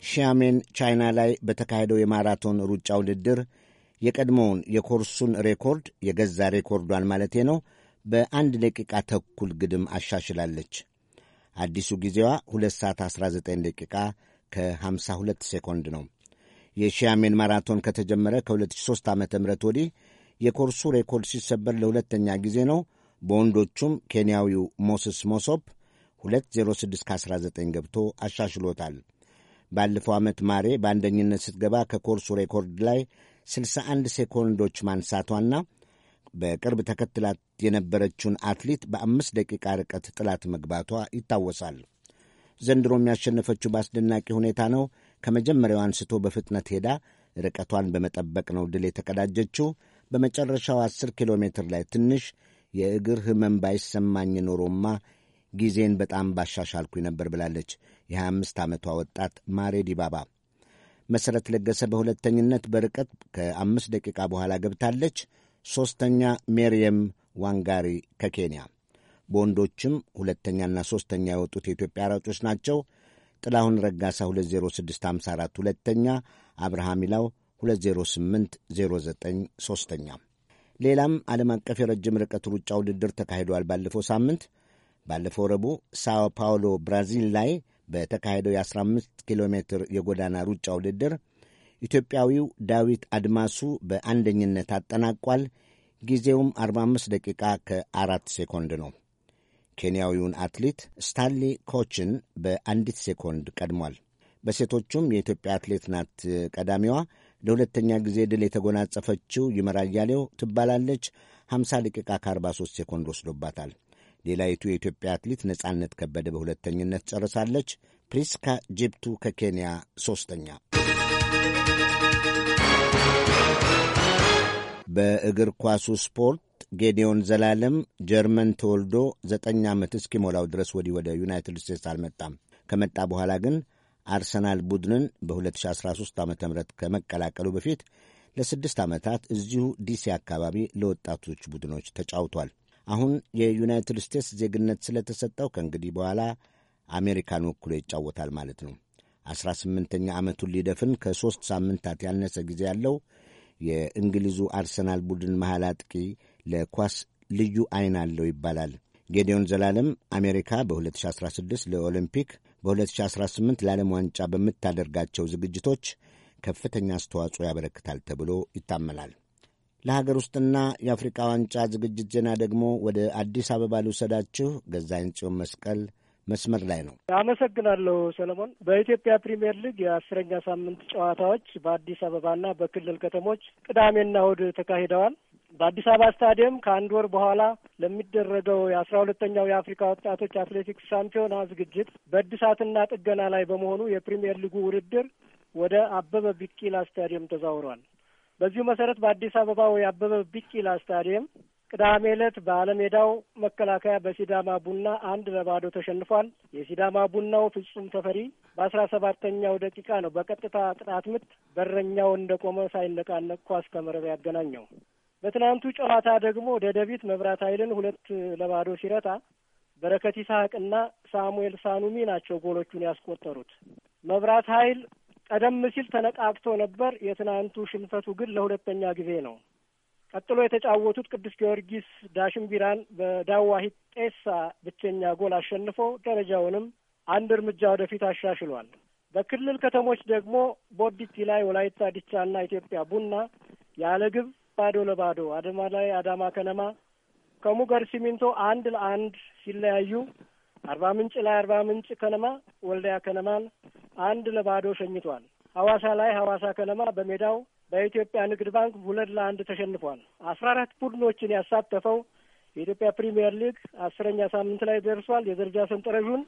ሺያሜን ቻይና ላይ በተካሄደው የማራቶን ሩጫ ውድድር የቀድሞውን የኮርሱን ሬኮርድ የገዛ ሬኮርዷን ማለቴ ነው በአንድ ደቂቃ ተኩል ግድም አሻሽላለች። አዲሱ ጊዜዋ 2 ሰዓት 19 ደቂቃ ከ52 ሴኮንድ ነው። የሺያሜን ማራቶን ከተጀመረ ከ2003 ዓ ም ወዲህ የኮርሱ ሬኮርድ ሲሰበር ለሁለተኛ ጊዜ ነው። በወንዶቹም ኬንያዊው ሞስስ ሞሶፕ 20619 ገብቶ አሻሽሎታል። ባለፈው ዓመት ማሬ በአንደኝነት ስትገባ ከኮርሱ ሬኮርድ ላይ 61 ሴኮንዶች ማንሳቷና በቅርብ ተከትላት የነበረችውን አትሌት በአምስት ደቂቃ ርቀት ጥላት መግባቷ ይታወሳል። ዘንድሮም ያሸነፈችው በአስደናቂ ሁኔታ ነው። ከመጀመሪያው አንስቶ በፍጥነት ሄዳ ርቀቷን በመጠበቅ ነው ድል የተቀዳጀችው። በመጨረሻው አስር ኪሎ ሜትር ላይ ትንሽ የእግር ህመም ባይሰማኝ ኖሮማ ጊዜን በጣም ባሻሻልኩ ነበር ብላለች የ25 ዓመቷ ወጣት ማሬ ዲባባ። መሠረት ለገሰ በሁለተኝነት በርቀት ከአምስት ደቂቃ በኋላ ገብታለች። ሦስተኛ ሜርየም ዋንጋሪ ከኬንያ በወንዶችም ሁለተኛና ሦስተኛ የወጡት የኢትዮጵያ ሯጮች ናቸው። ጥላሁን ረጋሳ 20654 ሁለተኛ፣ አብርሃም ይላው 20809 ሦስተኛ። ሌላም ዓለም አቀፍ የረጅም ርቀት ሩጫ ውድድር ተካሂዷል። ባለፈው ሳምንት ባለፈው ረቡዕ ሳኦ ፓውሎ ብራዚል ላይ በተካሄደው የ15 ኪሎ ሜትር የጎዳና ሩጫ ውድድር ኢትዮጵያዊው ዳዊት አድማሱ በአንደኝነት አጠናቋል። ጊዜውም 45 ደቂቃ ከአራት ሴኮንድ ነው። ኬንያዊውን አትሌት ስታንሊ ኮችን በአንዲት ሴኮንድ ቀድሟል። በሴቶቹም የኢትዮጵያ አትሌት ናት ቀዳሚዋ። ለሁለተኛ ጊዜ ድል የተጎናጸፈችው ይመራ እያሌው ትባላለች። 50 ደቂቃ ከ43 ሴኮንድ ወስዶባታል። ሌላይቱ የኢትዮጵያ አትሌት ነጻነት ከበደ በሁለተኝነት ጨርሳለች። ፕሪስካ ጂፕቱ ከኬንያ ሦስተኛ። በእግር ኳሱ ስፖርት ጌዲዮን ዘላለም ጀርመን ተወልዶ ዘጠኝ ዓመት እስኪሞላው ድረስ ወዲህ ወደ ዩናይትድ ስቴትስ አልመጣም። ከመጣ በኋላ ግን አርሰናል ቡድንን በ2013 ዓ ም ከመቀላቀሉ በፊት ለስድስት ዓመታት እዚሁ ዲሲ አካባቢ ለወጣቶች ቡድኖች ተጫውቷል። አሁን የዩናይትድ ስቴትስ ዜግነት ስለተሰጠው ከእንግዲህ በኋላ አሜሪካን ወክሎ ይጫወታል ማለት ነው። 18ኛ ዓመቱን ሊደፍን ከሦስት ሳምንታት ያነሰ ጊዜ ያለው የእንግሊዙ አርሰናል ቡድን መሃል አጥቂ ለኳስ ልዩ ዐይን አለው ይባላል። ጌዲዮን ዘላለም አሜሪካ በ2016 ለኦሎምፒክ በ2018 ለዓለም ዋንጫ በምታደርጋቸው ዝግጅቶች ከፍተኛ አስተዋጽኦ ያበረክታል ተብሎ ይታመናል። ለሀገር ውስጥና የአፍሪቃ ዋንጫ ዝግጅት ዜና ደግሞ ወደ አዲስ አበባ ልውሰዳችሁ። ገዛኸኝ ጽዮን መስቀል መስመር ላይ ነው። አመሰግናለሁ ሰለሞን። በኢትዮጵያ ፕሪምየር ሊግ የአስረኛ ሳምንት ጨዋታዎች በአዲስ አበባና በክልል ከተሞች ቅዳሜና እሁድ ተካሂደዋል። በአዲስ አበባ ስታዲየም ከአንድ ወር በኋላ ለሚደረገው የአስራ ሁለተኛው የአፍሪካ ወጣቶች አትሌቲክስ ሻምፒዮና ዝግጅት በእድሳትና ጥገና ላይ በመሆኑ የፕሪምየር ሊጉ ውድድር ወደ አበበ ቢቂላ ስታዲየም ተዛውሯል። በዚሁ መሰረት በአዲስ አበባው የአበበ ቢቂላ ስታዲየም ቅዳሜ ዕለት በአለሜዳው መከላከያ በሲዳማ ቡና አንድ ለባዶ ተሸንፏል። የሲዳማ ቡናው ፍጹም ተፈሪ በአስራ ሰባተኛው ደቂቃ ነው በቀጥታ ቅጣት ምት በረኛው እንደቆመ ሳይነቃነቅ ኳስ ከመረብ ያገናኘው። በትናንቱ ጨዋታ ደግሞ ደደቢት መብራት ኃይልን ሁለት ለባዶ ሲረታ በረከት ይስሐቅና ሳሙኤል ሳኑሚ ናቸው ጎሎቹን ያስቆጠሩት። መብራት ኃይል ቀደም ሲል ተነቃቅቶ ነበር። የትናንቱ ሽንፈቱ ግን ለሁለተኛ ጊዜ ነው። ቀጥሎ የተጫወቱት ቅዱስ ጊዮርጊስ ዳሽን ቢራን በዳዋሂት ጤሳ ብቸኛ ጎል አሸንፎ ደረጃውንም አንድ እርምጃ ወደፊት አሻሽሏል። በክልል ከተሞች ደግሞ ቦዲቲ ላይ ወላይታ ዲቻና ኢትዮጵያ ቡና ያለ ግብ ባዶ ለባዶ፣ አዳማ ላይ አዳማ ከነማ ከሙገር ሲሚንቶ አንድ ለአንድ ሲለያዩ፣ አርባ ምንጭ ላይ አርባ ምንጭ ከነማ ወልዳያ ከነማን አንድ ለባዶ ሸኝቷል። ሐዋሳ ላይ ሐዋሳ ከነማ በሜዳው በኢትዮጵያ ንግድ ባንክ ሁለት ለአንድ ተሸንፏል። አስራ አራት ቡድኖችን ያሳተፈው የኢትዮጵያ ፕሪምየር ሊግ አስረኛ ሳምንት ላይ ደርሷል። የደረጃ ሰንጠረዡን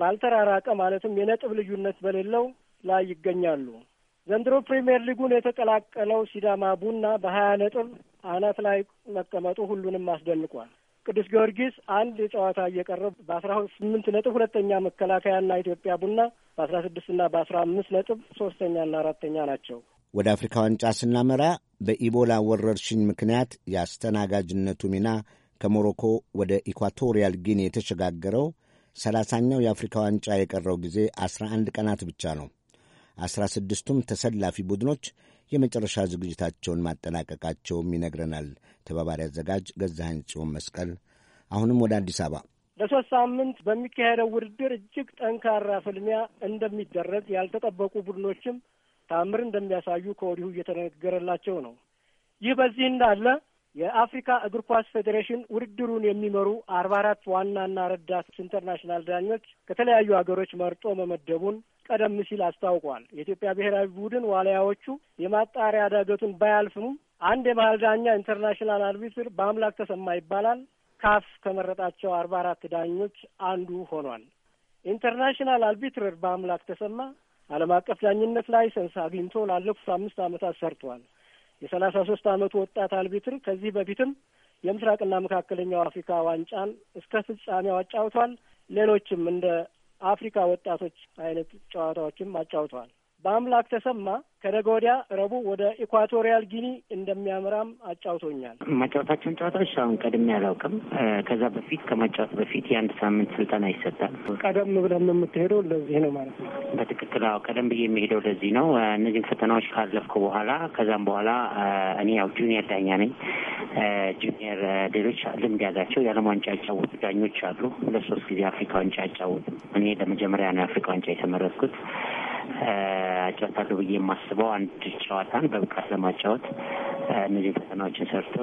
ባልተራራቀ ማለትም የነጥብ ልዩነት በሌለው ላይ ይገኛሉ። ዘንድሮ ፕሪምየር ሊጉን የተቀላቀለው ሲዳማ ቡና በሀያ ነጥብ አናት ላይ መቀመጡ ሁሉንም አስደንቋል። ቅዱስ ጊዮርጊስ አንድ ጨዋታ እየቀረብ በአስራ ስምንት ነጥብ ሁለተኛ፣ መከላከያና ኢትዮጵያ ቡና በአስራ ስድስትና በአስራ አምስት ነጥብ ሶስተኛና አራተኛ ናቸው። ወደ አፍሪካ ዋንጫ ስናመራ በኢቦላ ወረርሽኝ ምክንያት የአስተናጋጅነቱ ሚና ከሞሮኮ ወደ ኢኳቶሪያል ጊኒ የተሸጋገረው ሰላሳኛው የአፍሪካ ዋንጫ የቀረው ጊዜ አንድ ቀናት ብቻ ነው። ስድስቱም ተሰላፊ ቡድኖች የመጨረሻ ዝግጅታቸውን ማጠናቀቃቸውም ይነግረናል። ተባባሪ አዘጋጅ ገዛኸኝ ጽዮን መስቀል አሁንም ወደ አዲስ አበባ ለሶስት ሳምንት በሚካሄደው ውድድር እጅግ ጠንካራ ፍልሚያ እንደሚደረግ ያልተጠበቁ ቡድኖችም ታምር እንደሚያሳዩ ከወዲሁ እየተነገረላቸው ነው። ይህ በዚህ እንዳለ የአፍሪካ እግር ኳስ ፌዴሬሽን ውድድሩን የሚመሩ አርባ አራት ዋናና ረዳት ኢንተርናሽናል ዳኞች ከተለያዩ ሀገሮች መርጦ መመደቡን ቀደም ሲል አስታውቋል። የኢትዮጵያ ብሔራዊ ቡድን ዋልያዎቹ የማጣሪያ ዳገቱን ባያልፍም አንድ የመሀል ዳኛ ኢንተርናሽናል አርቢትር በአምላክ ተሰማ ይባላል ካፍ ከመረጣቸው አርባ አራት ዳኞች አንዱ ሆኗል። ኢንተርናሽናል አልቢትር በአምላክ ተሰማ ዓለም አቀፍ ዳኝነት ላይሰንስ አግኝቶ ላለፉት አምስት ዓመታት ሰርቷል። የሰላሳ ሶስት ዓመቱ ወጣት አልቢትር ከዚህ በፊትም የምስራቅና መካከለኛው አፍሪካ ዋንጫን እስከ ፍጻሜው አጫውቷል። ሌሎችም እንደ አፍሪካ ወጣቶች አይነት ጨዋታዎችም አጫውተዋል። በአምላክ ተሰማ ከነገ ወዲያ ረቡዕ ወደ ኢኳቶሪያል ጊኒ እንደሚያምራም አጫውቶኛል። መጫወታችን ጨዋታ አሁን ቀድሜ አላውቅም። ከዛ በፊት ከመጫወት በፊት የአንድ ሳምንት ስልጠና ይሰጣል። ቀደም ብለን የምትሄደው ለዚህ ነው ማለት ነው። በትክክል አዎ፣ ቀደም ብዬ የሚሄደው ለዚህ ነው። እነዚህም ፈተናዎች ካለፍኩ በኋላ ከዛም በኋላ እኔ ያው ጁኒየር ዳኛ ነኝ። ጁኒየር ሌሎች ልምድ ያላቸው የዓለም ዋንጫ ያጫወቱ ዳኞች አሉ። ሁለት ሶስት ጊዜ አፍሪካ ዋንጫ ያጫወቱ። እኔ ለመጀመሪያ ነው የአፍሪካ ዋንጫ የተመረጥኩት። አጫውታሉ ብዬ የማስበው አንድ ጨዋታን በብቃት ለማጫወት እነዚህ ፈተናዎችን ሰርቶ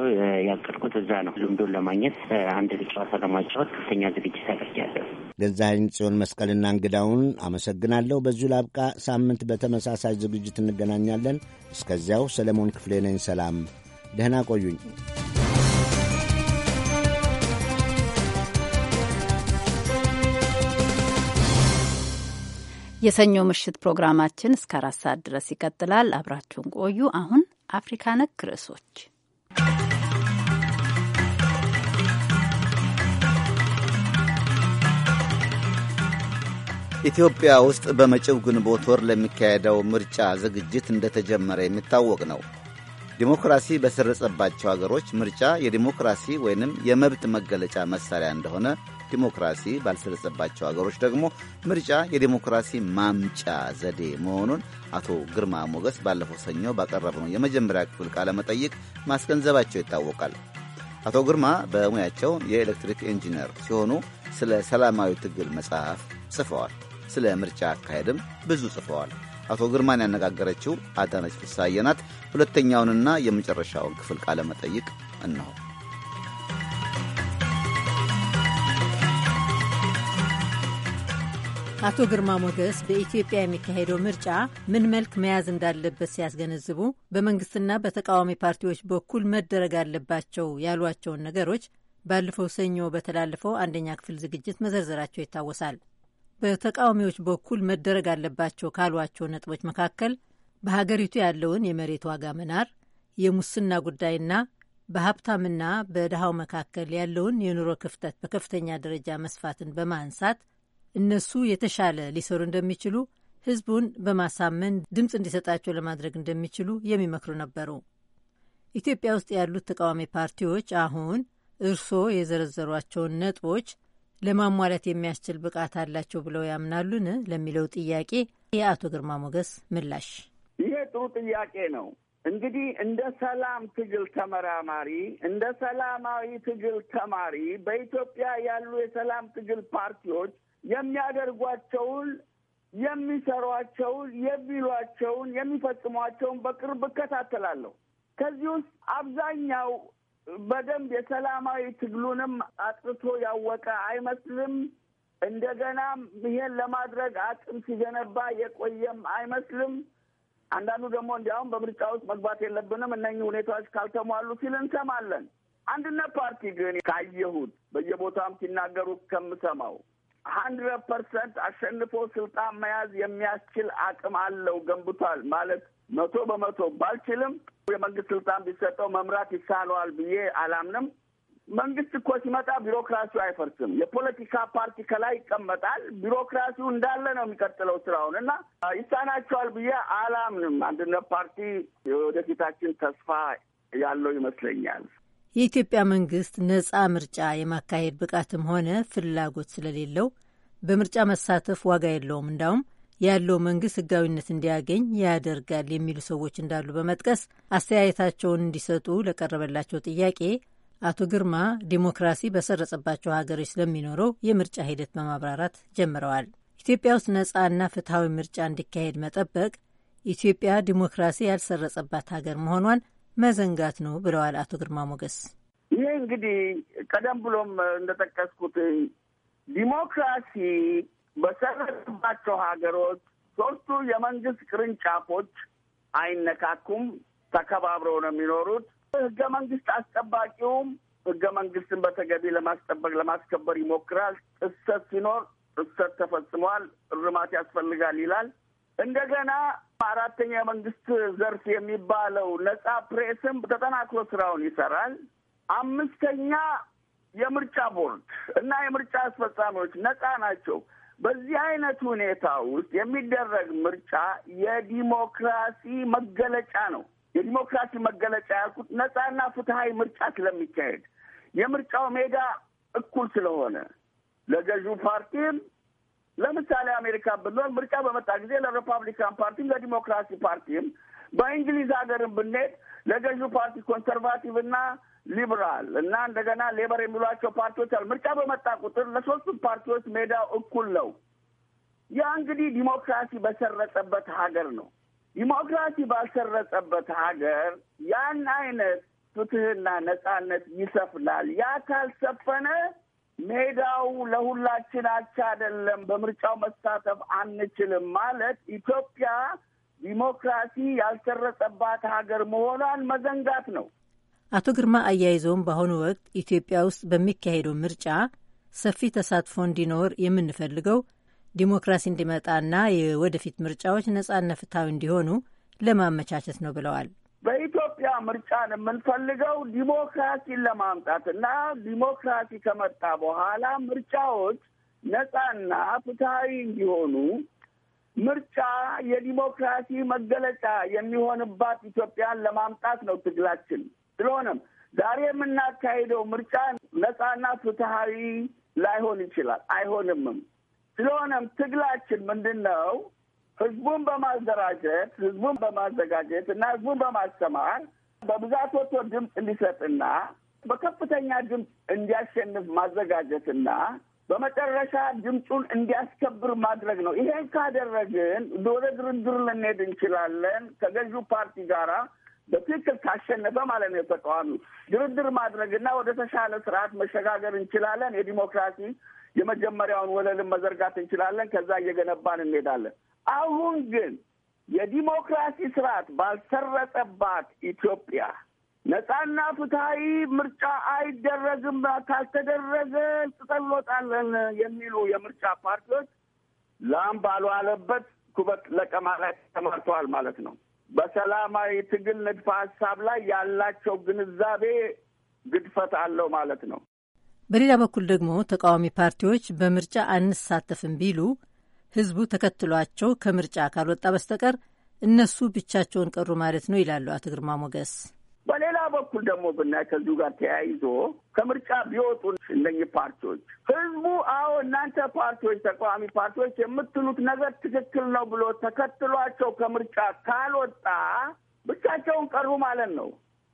ያቀድኩት እዛ ነው። ልምዱን ለማግኘት አንድ ጨዋታ ለማጫወት ከፍተኛ ዝግጅት አድርጊያለሁ። ገዛኸኝ ጽዮን መስቀልና እንግዳውን አመሰግናለሁ። በዚሁ ላብቃ። ሳምንት በተመሳሳይ ዝግጅት እንገናኛለን። እስከዚያው ሰለሞን ክፍሌ ነኝ። ሰላም፣ ደህና ቆዩኝ። የሰኞ ምሽት ፕሮግራማችን እስከ አራት ሰዓት ድረስ ይቀጥላል። አብራችሁን ቆዩ። አሁን አፍሪካ ነክ ርዕሶች ኢትዮጵያ ውስጥ በመጪው ግንቦት ወር ለሚካሄደው ምርጫ ዝግጅት እንደተጀመረ የሚታወቅ ነው። ዲሞክራሲ በሰረጸባቸው አገሮች ምርጫ የዲሞክራሲ ወይንም የመብት መገለጫ መሳሪያ እንደሆነ ዲሞክራሲ ባልሰለጸባቸው አገሮች ደግሞ ምርጫ የዲሞክራሲ ማምጫ ዘዴ መሆኑን አቶ ግርማ ሞገስ ባለፈው ሰኞ ባቀረብነው የመጀመሪያ ክፍል ቃለ መጠይቅ ማስገንዘባቸው ይታወቃል። አቶ ግርማ በሙያቸው የኤሌክትሪክ ኢንጂነር ሲሆኑ ስለ ሰላማዊ ትግል መጽሐፍ ጽፈዋል። ስለ ምርጫ አካሄድም ብዙ ጽፈዋል። አቶ ግርማን ያነጋገረችው አዳነች ፍስሐዬ ናት። ሁለተኛውንና የመጨረሻውን ክፍል ቃለ መጠይቅ እነሆ። አቶ ግርማ ሞገስ በኢትዮጵያ የሚካሄደው ምርጫ ምን መልክ መያዝ እንዳለበት ሲያስገነዝቡ በመንግስትና በተቃዋሚ ፓርቲዎች በኩል መደረግ አለባቸው ያሏቸውን ነገሮች ባለፈው ሰኞ በተላለፈው አንደኛ ክፍል ዝግጅት መዘርዘራቸው ይታወሳል። በተቃዋሚዎች በኩል መደረግ አለባቸው ካሏቸው ነጥቦች መካከል በሀገሪቱ ያለውን የመሬት ዋጋ መናር፣ የሙስና ጉዳይና በሀብታምና በድሃው መካከል ያለውን የኑሮ ክፍተት በከፍተኛ ደረጃ መስፋትን በማንሳት እነሱ የተሻለ ሊሰሩ እንደሚችሉ ህዝቡን በማሳመን ድምፅ እንዲሰጣቸው ለማድረግ እንደሚችሉ የሚመክሩ ነበሩ። ኢትዮጵያ ውስጥ ያሉት ተቃዋሚ ፓርቲዎች አሁን እርስዎ የዘረዘሯቸውን ነጥቦች ለማሟላት የሚያስችል ብቃት አላቸው ብለው ያምናሉን? ለሚለው ጥያቄ የአቶ ግርማ ሞገስ ምላሽ፣ ይሄ ጥሩ ጥያቄ ነው። እንግዲህ እንደ ሰላም ትግል ተመራማሪ፣ እንደ ሰላማዊ ትግል ተማሪ በኢትዮጵያ ያሉ የሰላም ትግል ፓርቲዎች የሚያደርጓቸውን፣ የሚሰሯቸውን፣ የሚሏቸውን፣ የሚፈጽሟቸውን በቅርብ እከታተላለሁ። ከዚህ ውስጥ አብዛኛው በደንብ የሰላማዊ ትግሉንም አጥርቶ ያወቀ አይመስልም። እንደገና ይሄን ለማድረግ አቅም ሲገነባ የቆየም አይመስልም። አንዳንዱ ደግሞ እንዲያውም በምርጫ ውስጥ መግባት የለብንም እነኚህ ሁኔታዎች ካልተሟሉ ሲል እንሰማለን። አንድነት ፓርቲ ግን ካየሁት በየቦታም ሲናገሩ ከምሰማው ሀንድረድ ፐርሰንት አሸንፎ ስልጣን መያዝ የሚያስችል አቅም አለው ገንብቷል ማለት መቶ በመቶ ባልችልም የመንግስት ስልጣን ቢሰጠው መምራት ይሳነዋል ብዬ አላምንም። መንግስት እኮ ሲመጣ ቢሮክራሲው አይፈርስም። የፖለቲካ ፓርቲ ከላይ ይቀመጣል፣ ቢሮክራሲው እንዳለ ነው የሚቀጥለው ስራውን እና ይሳናቸዋል ብዬ አላምንም። አንድነት ፓርቲ የወደፊታችን ተስፋ ያለው ይመስለኛል። የኢትዮጵያ መንግስት ነጻ ምርጫ የማካሄድ ብቃትም ሆነ ፍላጎት ስለሌለው በምርጫ መሳተፍ ዋጋ የለውም፣ እንዳውም ያለው መንግስት ህጋዊነት እንዲያገኝ ያደርጋል የሚሉ ሰዎች እንዳሉ በመጥቀስ አስተያየታቸውን እንዲሰጡ ለቀረበላቸው ጥያቄ አቶ ግርማ ዲሞክራሲ በሰረጸባቸው ሀገሮች ስለሚኖረው የምርጫ ሂደት በማብራራት ጀምረዋል። ኢትዮጵያ ውስጥ ነጻና ፍትሐዊ ምርጫ እንዲካሄድ መጠበቅ ኢትዮጵያ ዲሞክራሲ ያልሰረጸባት ሀገር መሆኗን መዘንጋት ነው ብለዋል አቶ ግርማ ሞገስ። ይህ እንግዲህ ቀደም ብሎም እንደጠቀስኩት ዲሞክራሲ በሰረባቸው ሀገሮች ሶስቱ የመንግስት ቅርንጫፎች አይነካኩም፣ ተከባብረው ነው የሚኖሩት። ህገ መንግስት አስጠባቂውም ህገ መንግስትን በተገቢ ለማስጠበቅ ለማስከበር ይሞክራል። ጥሰት ሲኖር ጥሰት ተፈጽሟል፣ እርማት ያስፈልጋል ይላል። እንደገና አራተኛ የመንግስት ዘርፍ የሚባለው ነጻ ፕሬስም ተጠናክሮ ስራውን ይሰራል። አምስተኛ የምርጫ ቦርድ እና የምርጫ አስፈጻሚዎች ነጻ ናቸው። በዚህ አይነት ሁኔታ ውስጥ የሚደረግ ምርጫ የዲሞክራሲ መገለጫ ነው። የዲሞክራሲ መገለጫ ያልኩት ነጻና ፍትሀዊ ምርጫ ስለሚካሄድ የምርጫው ሜዳ እኩል ስለሆነ ለገዢው ፓርቲም ለምሳሌ አሜሪካ ብንሆን ምርጫ በመጣ ጊዜ ለሪፐብሊካን ፓርቲም ለዲሞክራሲ ፓርቲም፣ በእንግሊዝ ሀገርም ብንሄድ ለገዢው ፓርቲ ኮንሰርቫቲቭ እና ሊበራል እና እንደገና ሌበር የሚሏቸው ፓርቲዎች አሉ። ምርጫ በመጣ ቁጥር ለሶስቱም ፓርቲዎች ሜዳው እኩል ነው። ያ እንግዲህ ዲሞክራሲ በሰረጸበት ሀገር ነው። ዲሞክራሲ ባልሰረጸበት ሀገር ያን አይነት ፍትህና ነጻነት ይሰፍናል። ያ ካልሰፈነ ሜዳው ለሁላችን አቻ አይደለም፣ በምርጫው መሳተፍ አንችልም ማለት ኢትዮጵያ ዲሞክራሲ ያልሰረጸባት ሀገር መሆኗን መዘንጋት ነው። አቶ ግርማ አያይዘውም በአሁኑ ወቅት ኢትዮጵያ ውስጥ በሚካሄደው ምርጫ ሰፊ ተሳትፎ እንዲኖር የምንፈልገው ዲሞክራሲ እንዲመጣና የወደፊት ምርጫዎች ነጻና ፍትሐዊ እንዲሆኑ ለማመቻቸት ነው ብለዋል። የኢትዮጵያ ምርጫን የምንፈልገው ዲሞክራሲን ለማምጣት እና ዲሞክራሲ ከመጣ በኋላ ምርጫዎች ነጻና ፍትሀዊ እንዲሆኑ ምርጫ የዲሞክራሲ መገለጫ የሚሆንባት ኢትዮጵያን ለማምጣት ነው ትግላችን። ስለሆነም ዛሬ የምናካሄደው ምርጫ ነጻና ፍትሀዊ ላይሆን ይችላል፣ አይሆንምም። ስለሆነም ትግላችን ምንድን ነው? ህዝቡን በማደራጀት ህዝቡን በማዘጋጀት እና ህዝቡን በማስተማር በብዛት ወጥቶ ድምፅ እንዲሰጥና በከፍተኛ ድምፅ እንዲያሸንፍ ማዘጋጀትና በመጨረሻ ድምፁን እንዲያስከብር ማድረግ ነው። ይሄን ካደረግን ወደ ድርድር ልንሄድ እንችላለን ከገዢው ፓርቲ ጋራ በትክክል ካሸነፈ ማለት ነው። የተቃዋሚ ድርድር ማድረግና ወደ ተሻለ ስርዓት መሸጋገር እንችላለን። የዲሞክራሲ የመጀመሪያውን ወለልን መዘርጋት እንችላለን። ከዛ እየገነባን እንሄዳለን። አሁን ግን የዲሞክራሲ ስርዓት ባልሰረጸባት ኢትዮጵያ ነጻና ፍትሀዊ ምርጫ አይደረግም፣ ካልተደረገ ትጠሎጣለን የሚሉ የምርጫ ፓርቲዎች ላም ባልዋለበት ኩበት ለቀማ ላይ ተሰማርተዋል ማለት ነው። በሰላማዊ ትግል ንድፈ ሀሳብ ላይ ያላቸው ግንዛቤ ግድፈት አለው ማለት ነው። በሌላ በኩል ደግሞ ተቃዋሚ ፓርቲዎች በምርጫ አንሳተፍም ቢሉ ህዝቡ ተከትሏቸው ከምርጫ ካልወጣ በስተቀር እነሱ ብቻቸውን ቀሩ ማለት ነው ይላሉ አቶ ግርማ ሞገስ። በሌላ በኩል ደግሞ ብናይ ከዚሁ ጋር ተያይዞ ከምርጫ ቢወጡ እነኚህ ፓርቲዎች ህዝቡ አዎ እናንተ ፓርቲዎች፣ ተቃዋሚ ፓርቲዎች የምትሉት ነገር ትክክል ነው ብሎ ተከትሏቸው ከምርጫ ካልወጣ ብቻቸውን ቀሩ ማለት ነው።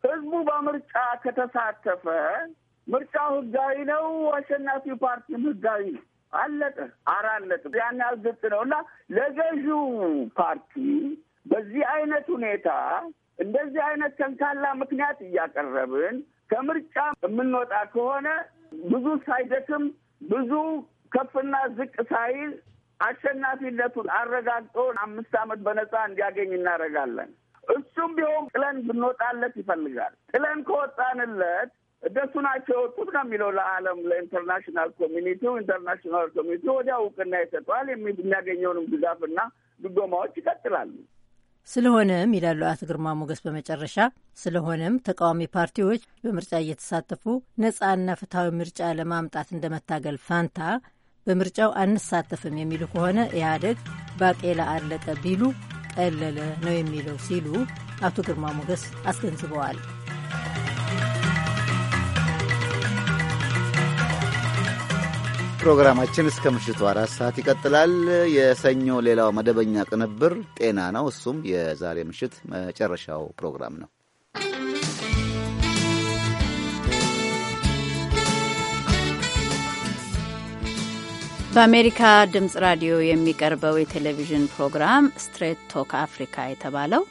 ህዝቡ በምርጫ ከተሳተፈ ምርጫው ህጋዊ ነው። አሸናፊው ፓርቲም ህጋዊ ነው። አለቀ። አራት ነጥብ ያን ያህል ግልጽ ነው እና ለገዢው ፓርቲ በዚህ አይነት ሁኔታ እንደዚህ አይነት ተንካላ ምክንያት እያቀረብን ከምርጫ የምንወጣ ከሆነ ብዙ ሳይደክም ብዙ ከፍና ዝቅ ሳይል አሸናፊነቱን አረጋግጦ አምስት ዓመት በነፃ እንዲያገኝ እናደርጋለን። እሱም ቢሆን ጥለን ብንወጣለት ይፈልጋል። ጥለን ከወጣንለት እደሱ ናቸው የወጡት ነው የሚለው ለዓለም ለኢንተርናሽናል ኮሚኒቲው ኢንተርናሽናል ኮሚኒቲው ወዲያ እውቅና ይሰጠዋል። የሚያገኘውንም ድጋፍና ድጎማዎች ይቀጥላሉ። ስለሆነም ይላሉ አቶ ግርማ ሞገስ በመጨረሻ ስለሆነም ተቃዋሚ ፓርቲዎች በምርጫ እየተሳተፉ ነጻና ፍትሐዊ ምርጫ ለማምጣት እንደመታገል ፋንታ በምርጫው አንሳተፍም የሚሉ ከሆነ ኢህአደግ ባቄላ አለቀ ቢሉ ቀለለ ነው የሚለው ሲሉ አቶ ግርማ ሞገስ አስገንዝበዋል። ፕሮግራማችን እስከ ምሽቱ አራት ሰዓት ይቀጥላል። የሰኞ ሌላው መደበኛ ቅንብር ጤና ነው። እሱም የዛሬ ምሽት መጨረሻው ፕሮግራም ነው። በአሜሪካ ድምፅ ራዲዮ የሚቀርበው የቴሌቪዥን ፕሮግራም ስትሬት ቶክ አፍሪካ የተባለው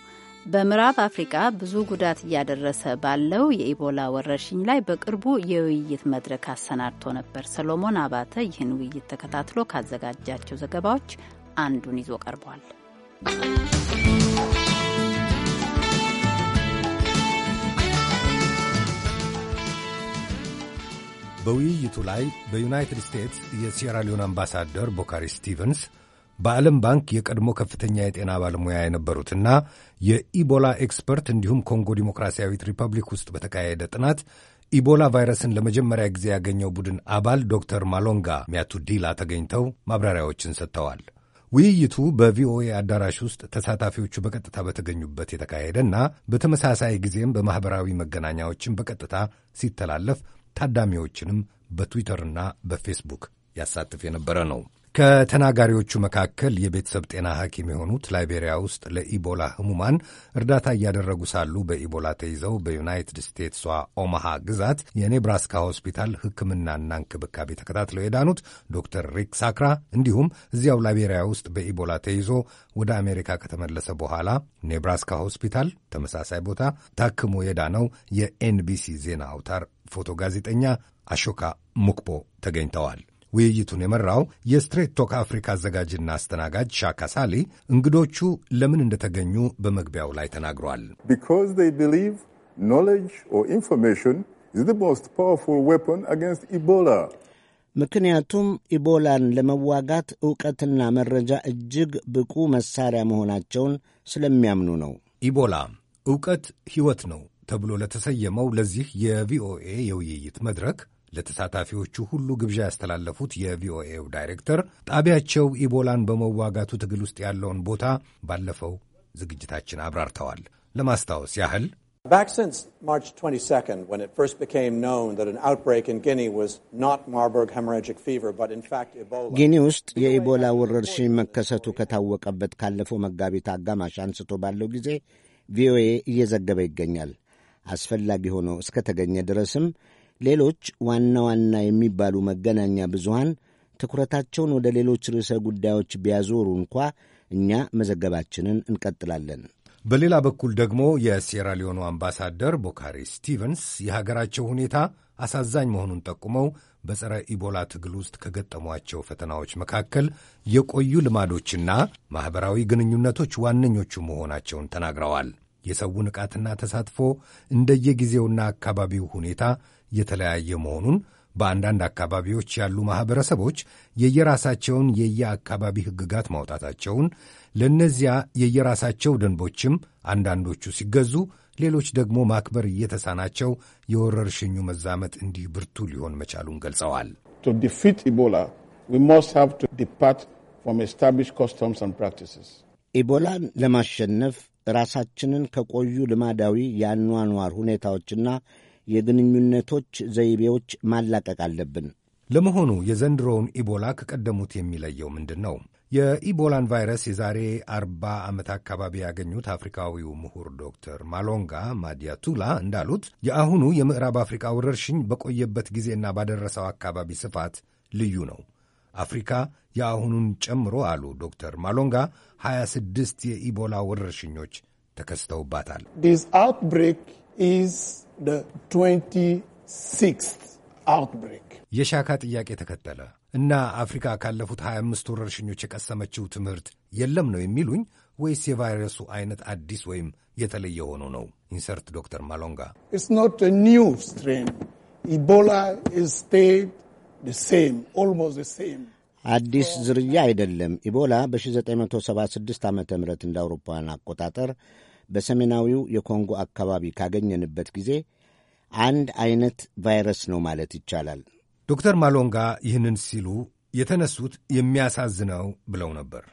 በምዕራብ አፍሪቃ ብዙ ጉዳት እያደረሰ ባለው የኢቦላ ወረርሽኝ ላይ በቅርቡ የውይይት መድረክ አሰናድቶ ነበር። ሰሎሞን አባተ ይህን ውይይት ተከታትሎ ካዘጋጃቸው ዘገባዎች አንዱን ይዞ ቀርቧል። በውይይቱ ላይ በዩናይትድ ስቴትስ የሲራሊዮን አምባሳደር ቦካሪ ስቲቨንስ በዓለም ባንክ የቀድሞ ከፍተኛ የጤና ባለሙያ የነበሩትና የኢቦላ ኤክስፐርት እንዲሁም ኮንጎ ዲሞክራሲያዊት ሪፐብሊክ ውስጥ በተካሄደ ጥናት ኢቦላ ቫይረስን ለመጀመሪያ ጊዜ ያገኘው ቡድን አባል ዶክተር ማሎንጋ ሚያቱዲላ ተገኝተው ማብራሪያዎችን ሰጥተዋል። ውይይቱ በቪኦኤ አዳራሽ ውስጥ ተሳታፊዎቹ በቀጥታ በተገኙበት የተካሄደና በተመሳሳይ ጊዜም በማኅበራዊ መገናኛዎችን በቀጥታ ሲተላለፍ ታዳሚዎችንም በትዊተርና በፌስቡክ ያሳትፍ የነበረ ነው። ከተናጋሪዎቹ መካከል የቤተሰብ ጤና ሐኪም የሆኑት ላይቤሪያ ውስጥ ለኢቦላ ህሙማን እርዳታ እያደረጉ ሳሉ በኢቦላ ተይዘው በዩናይትድ ስቴትሷ ኦማሃ ግዛት የኔብራስካ ሆስፒታል ሕክምናና እንክብካቤ ተከታትለው የዳኑት ዶክተር ሪክ ሳክራ እንዲሁም እዚያው ላይቤሪያ ውስጥ በኢቦላ ተይዞ ወደ አሜሪካ ከተመለሰ በኋላ ኔብራስካ ሆስፒታል ተመሳሳይ ቦታ ታክሞ የዳነው የኤንቢሲ ዜና አውታር ፎቶ ጋዜጠኛ አሾካ ሙክፖ ተገኝተዋል። ውይይቱን የመራው የስትሬት ቶክ አፍሪካ አዘጋጅና አስተናጋጅ ሻካ ሳሊ እንግዶቹ ለምን እንደተገኙ በመግቢያው ላይ ተናግሯል። ምክንያቱም ኢቦላን ለመዋጋት ዕውቀትና መረጃ እጅግ ብቁ መሣሪያ መሆናቸውን ስለሚያምኑ ነው። ኢቦላ ዕውቀት ሕይወት ነው ተብሎ ለተሰየመው ለዚህ የቪኦኤ የውይይት መድረክ ለተሳታፊዎቹ ሁሉ ግብዣ ያስተላለፉት የቪኦኤው ዳይሬክተር ጣቢያቸው ኢቦላን በመዋጋቱ ትግል ውስጥ ያለውን ቦታ ባለፈው ዝግጅታችን አብራርተዋል። ለማስታወስ ያህል Back since March 22nd, when it first became known that an outbreak in Guinea was not Marburg hemorrhagic fever, but in fact Ebola. ጊኒ ውስጥ የኢቦላ ወረርሽኝ መከሰቱ ከታወቀበት ካለፈው መጋቢት አጋማሽ አንስቶ ባለው ጊዜ ቪኦኤ እየዘገበ ይገኛል። አስፈላጊ ሆኖ እስከተገኘ ድረስም ሌሎች ዋና ዋና የሚባሉ መገናኛ ብዙሃን ትኩረታቸውን ወደ ሌሎች ርዕሰ ጉዳዮች ቢያዞሩ እንኳ እኛ መዘገባችንን እንቀጥላለን። በሌላ በኩል ደግሞ የሴራሊዮኑ አምባሳደር ቦካሪ ስቲቨንስ የሀገራቸው ሁኔታ አሳዛኝ መሆኑን ጠቁመው በጸረ ኢቦላ ትግል ውስጥ ከገጠሟቸው ፈተናዎች መካከል የቆዩ ልማዶችና ማኅበራዊ ግንኙነቶች ዋነኞቹ መሆናቸውን ተናግረዋል። የሰው ንቃትና ተሳትፎ እንደየጊዜውና አካባቢው ሁኔታ የተለያየ መሆኑን በአንዳንድ አካባቢዎች ያሉ ማኅበረሰቦች የየራሳቸውን የየአካባቢ ሕግጋት ማውጣታቸውን ለእነዚያ የየራሳቸው ደንቦችም አንዳንዶቹ ሲገዙ፣ ሌሎች ደግሞ ማክበር እየተሳናቸው የወረርሽኙ መዛመት እንዲህ ብርቱ ሊሆን መቻሉን ገልጸዋል። ኢቦላን ለማሸነፍ ራሳችንን ከቆዩ ልማዳዊ የአኗኗር ሁኔታዎችና የግንኙነቶች ዘይቤዎች ማላቀቅ አለብን። ለመሆኑ የዘንድሮውን ኢቦላ ከቀደሙት የሚለየው ምንድን ነው? የኢቦላን ቫይረስ የዛሬ አርባ ዓመት አካባቢ ያገኙት አፍሪካዊው ምሁር ዶክተር ማሎንጋ ማዲያቱላ እንዳሉት የአሁኑ የምዕራብ አፍሪካ ወረርሽኝ በቆየበት ጊዜና ባደረሰው አካባቢ ስፋት ልዩ ነው። አፍሪካ የአሁኑን ጨምሮ አሉ ዶክተር ማሎንጋ 26 የኢቦላ ወረርሽኞች ተከስተውባታል። የሻካ ጥያቄ ተከተለ እና አፍሪካ ካለፉት 25 ወረርሽኞች የቀሰመችው ትምህርት የለም ነው የሚሉኝ ወይስ የቫይረሱ አይነት አዲስ ወይም የተለየ ሆኖ ነው? ኢንሰርት ዶክተር ማሎንጋ አዲስ ዝርያ አይደለም። ኢቦላ በ1976 ዓ ም እንደ አውሮፓውያን አቆጣጠር በሰሜናዊው የኮንጎ አካባቢ ካገኘንበት ጊዜ አንድ አይነት ቫይረስ ነው ማለት ይቻላል። ዶክተር ማሎንጋ ይህንን ሲሉ የተነሱት የሚያሳዝነው ብለው ነበር።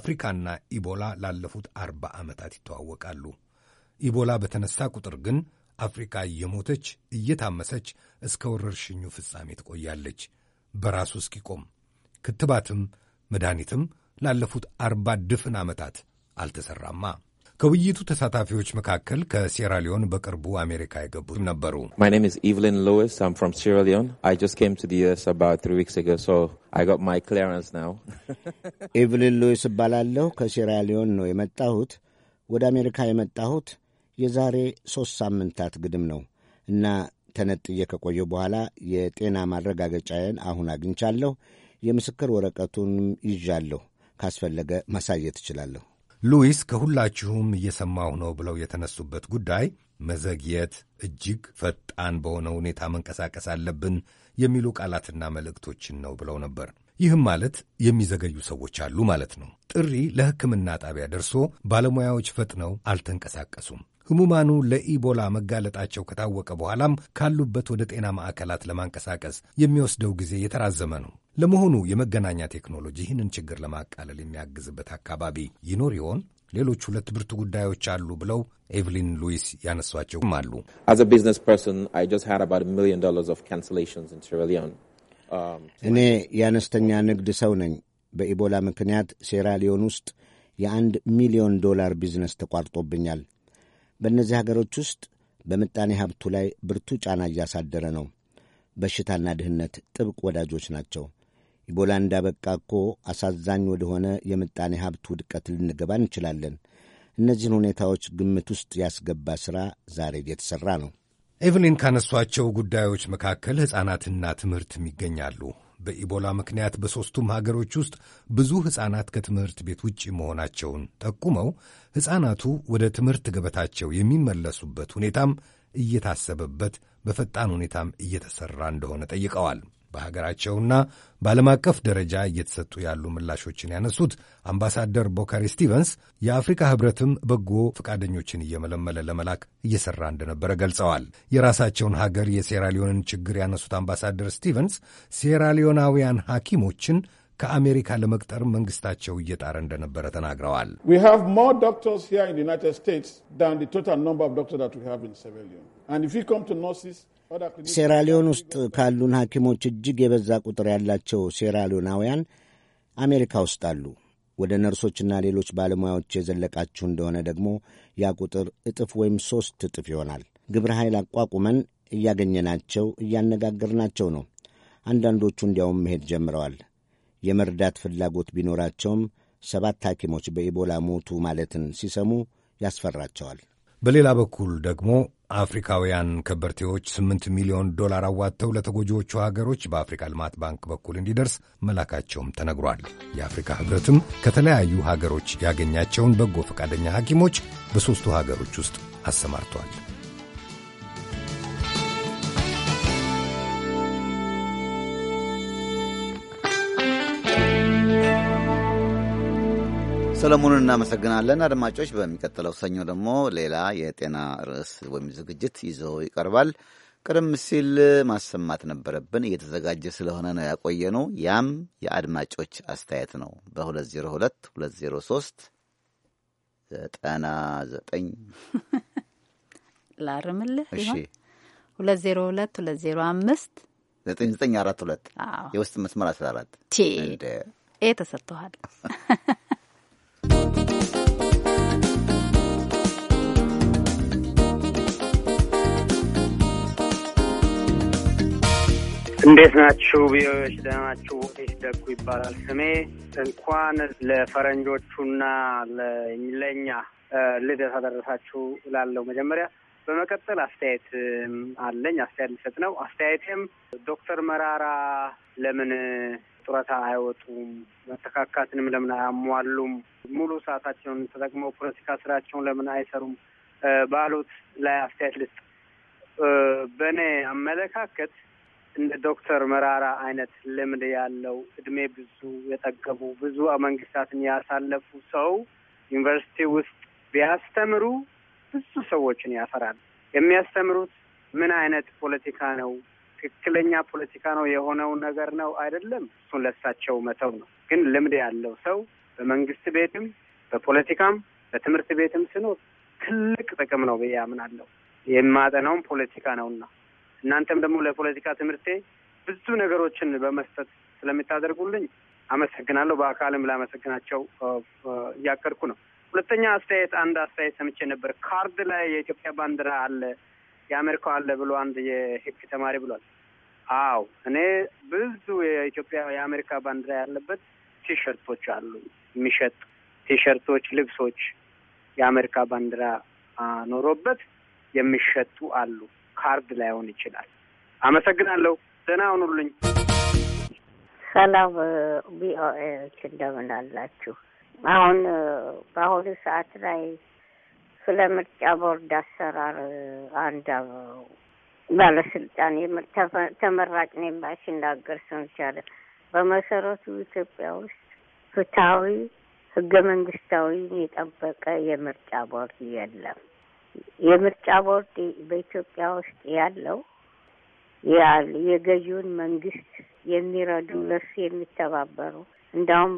አፍሪካና ኢቦላ ላለፉት አርባ ዓመታት ይተዋወቃሉ። ኢቦላ በተነሳ ቁጥር ግን አፍሪካ እየሞተች እየታመሰች እስከ ወረርሽኙ ፍጻሜ ትቆያለች፣ በራሱ እስኪቆም። ክትባትም መድኃኒትም ላለፉት አርባ ድፍን ዓመታት አልተሠራማ። ከውይይቱ ተሳታፊዎች መካከል ከሴራሊዮን በቅርቡ አሜሪካ የገቡ ነበሩ። ኤቭሊን ሉዊስ እባላለሁ። ከሴራሊዮን ነው የመጣሁት። ወደ አሜሪካ የመጣሁት የዛሬ ሦስት ሳምንታት ግድም ነው እና ተነጥዬ ከቆየ በኋላ የጤና ማረጋገጫዬን አሁን አግኝቻለሁ። የምስክር ወረቀቱንም ይዣለሁ። ካስፈለገ ማሳየት እችላለሁ። ሉዊስ ከሁላችሁም እየሰማሁ ነው ብለው የተነሱበት ጉዳይ መዘግየት፣ እጅግ ፈጣን በሆነ ሁኔታ መንቀሳቀስ አለብን የሚሉ ቃላትና መልእክቶችን ነው ብለው ነበር። ይህም ማለት የሚዘገዩ ሰዎች አሉ ማለት ነው። ጥሪ ለሕክምና ጣቢያ ደርሶ ባለሙያዎች ፈጥነው አልተንቀሳቀሱም። ህሙማኑ ለኢቦላ መጋለጣቸው ከታወቀ በኋላም ካሉበት ወደ ጤና ማዕከላት ለማንቀሳቀስ የሚወስደው ጊዜ የተራዘመ ነው። ለመሆኑ የመገናኛ ቴክኖሎጂ ይህንን ችግር ለማቃለል የሚያግዝበት አካባቢ ይኖር ይሆን? ሌሎች ሁለት ብርቱ ጉዳዮች አሉ ብለው ኤቭሊን ሉዊስ ያነሷቸውም አሉ። um, እኔ የአነስተኛ ንግድ ሰው ነኝ። በኢቦላ ምክንያት ሴራሊዮን ውስጥ የአንድ ሚሊዮን ዶላር ቢዝነስ ተቋርጦብኛል። በእነዚህ ሀገሮች ውስጥ በምጣኔ ሀብቱ ላይ ብርቱ ጫና እያሳደረ ነው። በሽታና ድህነት ጥብቅ ወዳጆች ናቸው። ኢቦላ እንዳበቃ እኮ አሳዛኝ ወደሆነ የምጣኔ ሀብት ውድቀት ልንገባ እንችላለን። እነዚህን ሁኔታዎች ግምት ውስጥ ያስገባ ሥራ ዛሬ እየተሠራ ነው። ኤቭሊን ካነሷቸው ጉዳዮች መካከል ሕፃናትና ትምህርት ይገኛሉ። በኢቦላ ምክንያት በሦስቱም ሀገሮች ውስጥ ብዙ ሕፃናት ከትምህርት ቤት ውጭ መሆናቸውን ጠቁመው ሕፃናቱ ወደ ትምህርት ገበታቸው የሚመለሱበት ሁኔታም እየታሰበበት በፈጣን ሁኔታም እየተሠራ እንደሆነ ጠይቀዋል። በሀገራቸውና በዓለም አቀፍ ደረጃ እየተሰጡ ያሉ ምላሾችን ያነሱት አምባሳደር ቦካሪ ስቲቨንስ የአፍሪካ ሕብረትም በጎ ፈቃደኞችን እየመለመለ ለመላክ እየሰራ እንደነበረ ገልጸዋል። የራሳቸውን ሀገር የሴራሊዮንን ችግር ያነሱት አምባሳደር ስቲቨንስ ሴራሊዮናውያን ሐኪሞችን ከአሜሪካ ለመቅጠር መንግስታቸው እየጣረ እንደነበረ ተናግረዋል። ሴራሊዮን ውስጥ ካሉን ሐኪሞች እጅግ የበዛ ቁጥር ያላቸው ሴራሊዮናውያን አሜሪካ ውስጥ አሉ። ወደ ነርሶችና ሌሎች ባለሙያዎች የዘለቃችሁ እንደሆነ ደግሞ ያ ቁጥር እጥፍ ወይም ሦስት እጥፍ ይሆናል። ግብረ ኃይል አቋቁመን እያገኘናቸው እያነጋገርናቸው ነው። አንዳንዶቹ እንዲያውም መሄድ ጀምረዋል። የመርዳት ፍላጎት ቢኖራቸውም ሰባት ሐኪሞች በኢቦላ ሞቱ ማለትን ሲሰሙ ያስፈራቸዋል። በሌላ በኩል ደግሞ አፍሪካውያን ከበርቴዎች 8 ሚሊዮን ዶላር አዋጥተው ለተጎጂዎቹ ሀገሮች በአፍሪካ ልማት ባንክ በኩል እንዲደርስ መላካቸውም ተነግሯል። የአፍሪካ ኅብረትም ከተለያዩ ሀገሮች ያገኛቸውን በጎ ፈቃደኛ ሐኪሞች በሦስቱ ሀገሮች ውስጥ አሰማርቷል። ሰለሞኑን እናመሰግናለን። አድማጮች፣ በሚቀጥለው ሰኞ ደግሞ ሌላ የጤና ርዕስ ወይም ዝግጅት ይዞ ይቀርባል። ቀደም ሲል ማሰማት ነበረብን እየተዘጋጀ ስለሆነ ነው ያቆየነው። ያም የአድማጮች አስተያየት ነው። በ202 203 99 ላርምልህ ይሆን 202 205 9942 የውስጥ መስመር 14 ተሰጥተዋል። እንዴት ናችሁ? ቪኦኤዎች ደህና ናችሁ? ውቅሽ ደጉ ይባላል ስሜ። እንኳን ለፈረንጆቹና ለእኛ ልደት አደረሳችሁ እላለሁ መጀመሪያ። በመቀጠል አስተያየት አለኝ፣ አስተያየት ልሰጥ ነው። አስተያየቴም ዶክተር መራራ ለምን ጡረታ አይወጡም? መተካካትንም ለምን አያሟሉም? ሙሉ ሰዓታቸውን ተጠቅመው ፖለቲካ ስራቸውን ለምን አይሰሩም? ባሉት ላይ አስተያየት ልስጥ። በእኔ አመለካከት እንደ ዶክተር መራራ አይነት ልምድ ያለው እድሜ ብዙ የጠገቡ ብዙ መንግስታትን ያሳለፉ ሰው ዩኒቨርሲቲ ውስጥ ቢያስተምሩ ብዙ ሰዎችን ያፈራል። የሚያስተምሩት ምን አይነት ፖለቲካ ነው? ትክክለኛ ፖለቲካ ነው የሆነው ነገር ነው አይደለም፣ እሱን ለሳቸው መተው ነው። ግን ልምድ ያለው ሰው በመንግስት ቤትም በፖለቲካም በትምህርት ቤትም ስኖር ትልቅ ጥቅም ነው ብዬ አምናለሁ። የማጠናውም ፖለቲካ ነውና እናንተም ደግሞ ለፖለቲካ ትምህርቴ ብዙ ነገሮችን በመስጠት ስለምታደርጉልኝ አመሰግናለሁ። በአካልም ላመሰግናቸው እያቀድኩ ነው። ሁለተኛ አስተያየት አንድ አስተያየት ሰምቼ ነበር። ካርድ ላይ የኢትዮጵያ ባንዲራ አለ የአሜሪካው አለ ብሎ አንድ የህግ ተማሪ ብሏል። አዎ እኔ ብዙ የኢትዮጵያ የአሜሪካ ባንዲራ ያለበት ቲሸርቶች አሉ የሚሸጥ ቲሸርቶች፣ ልብሶች የአሜሪካ ባንዲራ ኖሮበት የሚሸጡ አሉ። ካርድ ላይሆን ይችላል። አመሰግናለሁ። ደህና ሁኑልኝ። ሰላም ቪኦኤዎች እንደምን አላችሁ? አሁን በአሁኑ ሰዓት ላይ ስለ ምርጫ ቦርድ አሰራር አንድ ባለስልጣን ተመራጭ ነኝ ባይ ሲናገር ሰምቻለሁ። በመሰረቱ ኢትዮጵያ ውስጥ ፍትሐዊ ህገ መንግስታዊ የጠበቀ የምርጫ ቦርድ የለም። የምርጫ ቦርድ በኢትዮጵያ ውስጥ ያለው የገዢውን መንግስት የሚረዱ ለሱ የሚተባበሩ እንዲሁም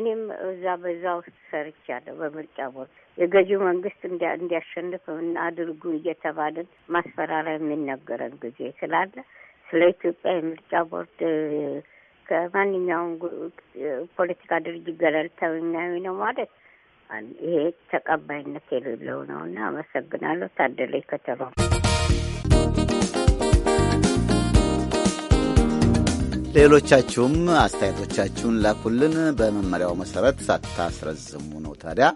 እኔም እዛ በዛ ውስጥ ሰርቻለሁ። በምርጫ ቦርድ የገዢው መንግስት እንዲያሸንፍ አድርጉ እየተባለን ማስፈራሪያ የሚነገረን ጊዜ ስላለ ስለ ኢትዮጵያ የምርጫ ቦርድ ከማንኛውም ፖለቲካ ድርጅት ገለልተኛዊ ነው ማለት ይገባል። ይሄ ተቀባይነት የሌለው ነው እና አመሰግናለሁ። ታደለኝ ከተማ ሌሎቻችሁም አስተያየቶቻችሁን ላኩልን። በመመሪያው መሰረት ሳታስረዝሙ ነው። ታዲያ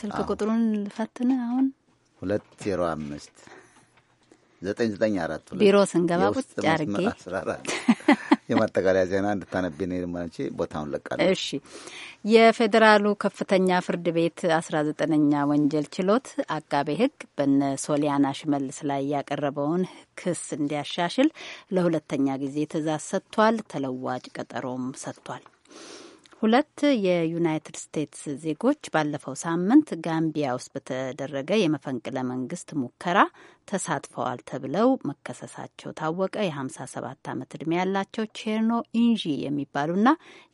ስልክ ቁጥሩን ልፈትን። አሁን ሁለት ዜሮ አምስት ዘጠኝ ዘጠኝ አራት ቢሮ ስንገባ ቁጭ አርጌ የማጠቃለያ ዜና እንድታነብን ድማንቺ ቦታውን ለቃለ። እሺ። የፌዴራሉ ከፍተኛ ፍርድ ቤት አስራ ዘጠነኛ ወንጀል ችሎት አቃቤ ሕግ በነ ሶሊያና ሽመልስ ላይ ያቀረበውን ክስ እንዲያሻሽል ለሁለተኛ ጊዜ ትእዛዝ ሰጥቷል። ተለዋጭ ቀጠሮም ሰጥቷል። ሁለት የዩናይትድ ስቴትስ ዜጎች ባለፈው ሳምንት ጋምቢያ ውስጥ በተደረገ የመፈንቅለ መንግስት ሙከራ ተሳትፈዋል ተብለው መከሰሳቸው ታወቀ። የ57 ዓመት ዕድሜ ያላቸው ቼርኖ ኢንዢ የሚባሉና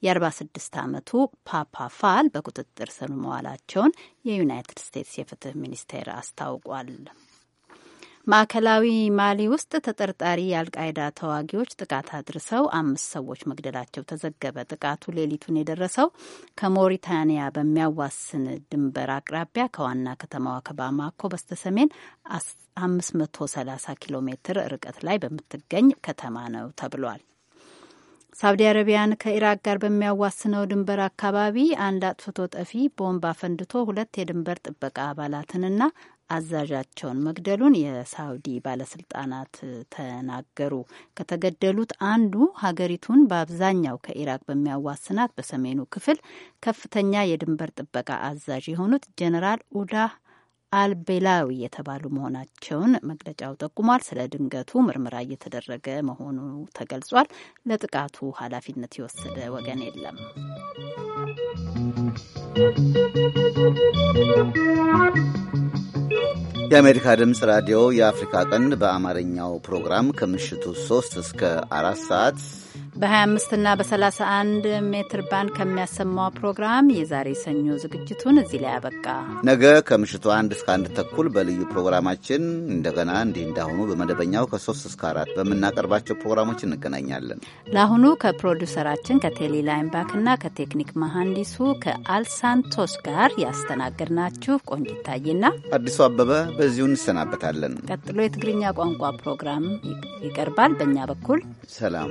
የ46 ዓመቱ ፓፓ ፋል በቁጥጥር ስር መዋላቸውን የዩናይትድ ስቴትስ የፍትህ ሚኒስቴር አስታውቋል። ማዕከላዊ ማሊ ውስጥ ተጠርጣሪ የአልቃይዳ ተዋጊዎች ጥቃት አድርሰው አምስት ሰዎች መግደላቸው ተዘገበ። ጥቃቱ ሌሊቱን የደረሰው ከሞሪታንያ በሚያዋስን ድንበር አቅራቢያ ከዋና ከተማዋ ከባማኮ በስተሰሜን 530 ኪሎ ሜትር ርቀት ላይ በምትገኝ ከተማ ነው ተብሏል። ሳውዲ አረቢያን ከኢራቅ ጋር በሚያዋስነው ድንበር አካባቢ አንድ አጥፍቶ ጠፊ ቦምብ አፈንድቶ ሁለት የድንበር ጥበቃ አባላትንና አዛዣቸውን መግደሉን የሳውዲ ባለስልጣናት ተናገሩ። ከተገደሉት አንዱ ሀገሪቱን በአብዛኛው ከኢራቅ በሚያዋስናት በሰሜኑ ክፍል ከፍተኛ የድንበር ጥበቃ አዛዥ የሆኑት ጀኔራል ኡዳህ አልቤላዊ የተባሉ መሆናቸውን መግለጫው ጠቁሟል። ስለ ድንገቱ ምርመራ እየተደረገ መሆኑ ተገልጿል። ለጥቃቱ ኃላፊነት የወሰደ ወገን የለም። Thank you. የአሜሪካ ድምፅ ራዲዮ የአፍሪካ ቀንድ በአማርኛው ፕሮግራም ከምሽቱ 3 እስከ 4 ሰዓት በ25 እና በ31 ሜትር ባንድ ከሚያሰማው ፕሮግራም የዛሬ ሰኞ ዝግጅቱን እዚህ ላይ ያበቃ። ነገ ከምሽቱ አንድ እስከ አንድ ተኩል በልዩ ፕሮግራማችን እንደገና እንዲህ እንዳሁኑ በመደበኛው ከ3 እስከ 4 በምናቀርባቸው ፕሮግራሞች እንገናኛለን። ለአሁኑ ከፕሮዲውሰራችን ከቴሌ ላይምባክና ከቴክኒክ መሐንዲሱ ከአልሳንቶስ ጋር ያስተናገድናችሁ ቆንጅት ታዬና አዲሱ አበበ በዚሁ እንሰናበታለን። ቀጥሎ የትግርኛ ቋንቋ ፕሮግራም ይቀርባል። በእኛ በኩል ሰላም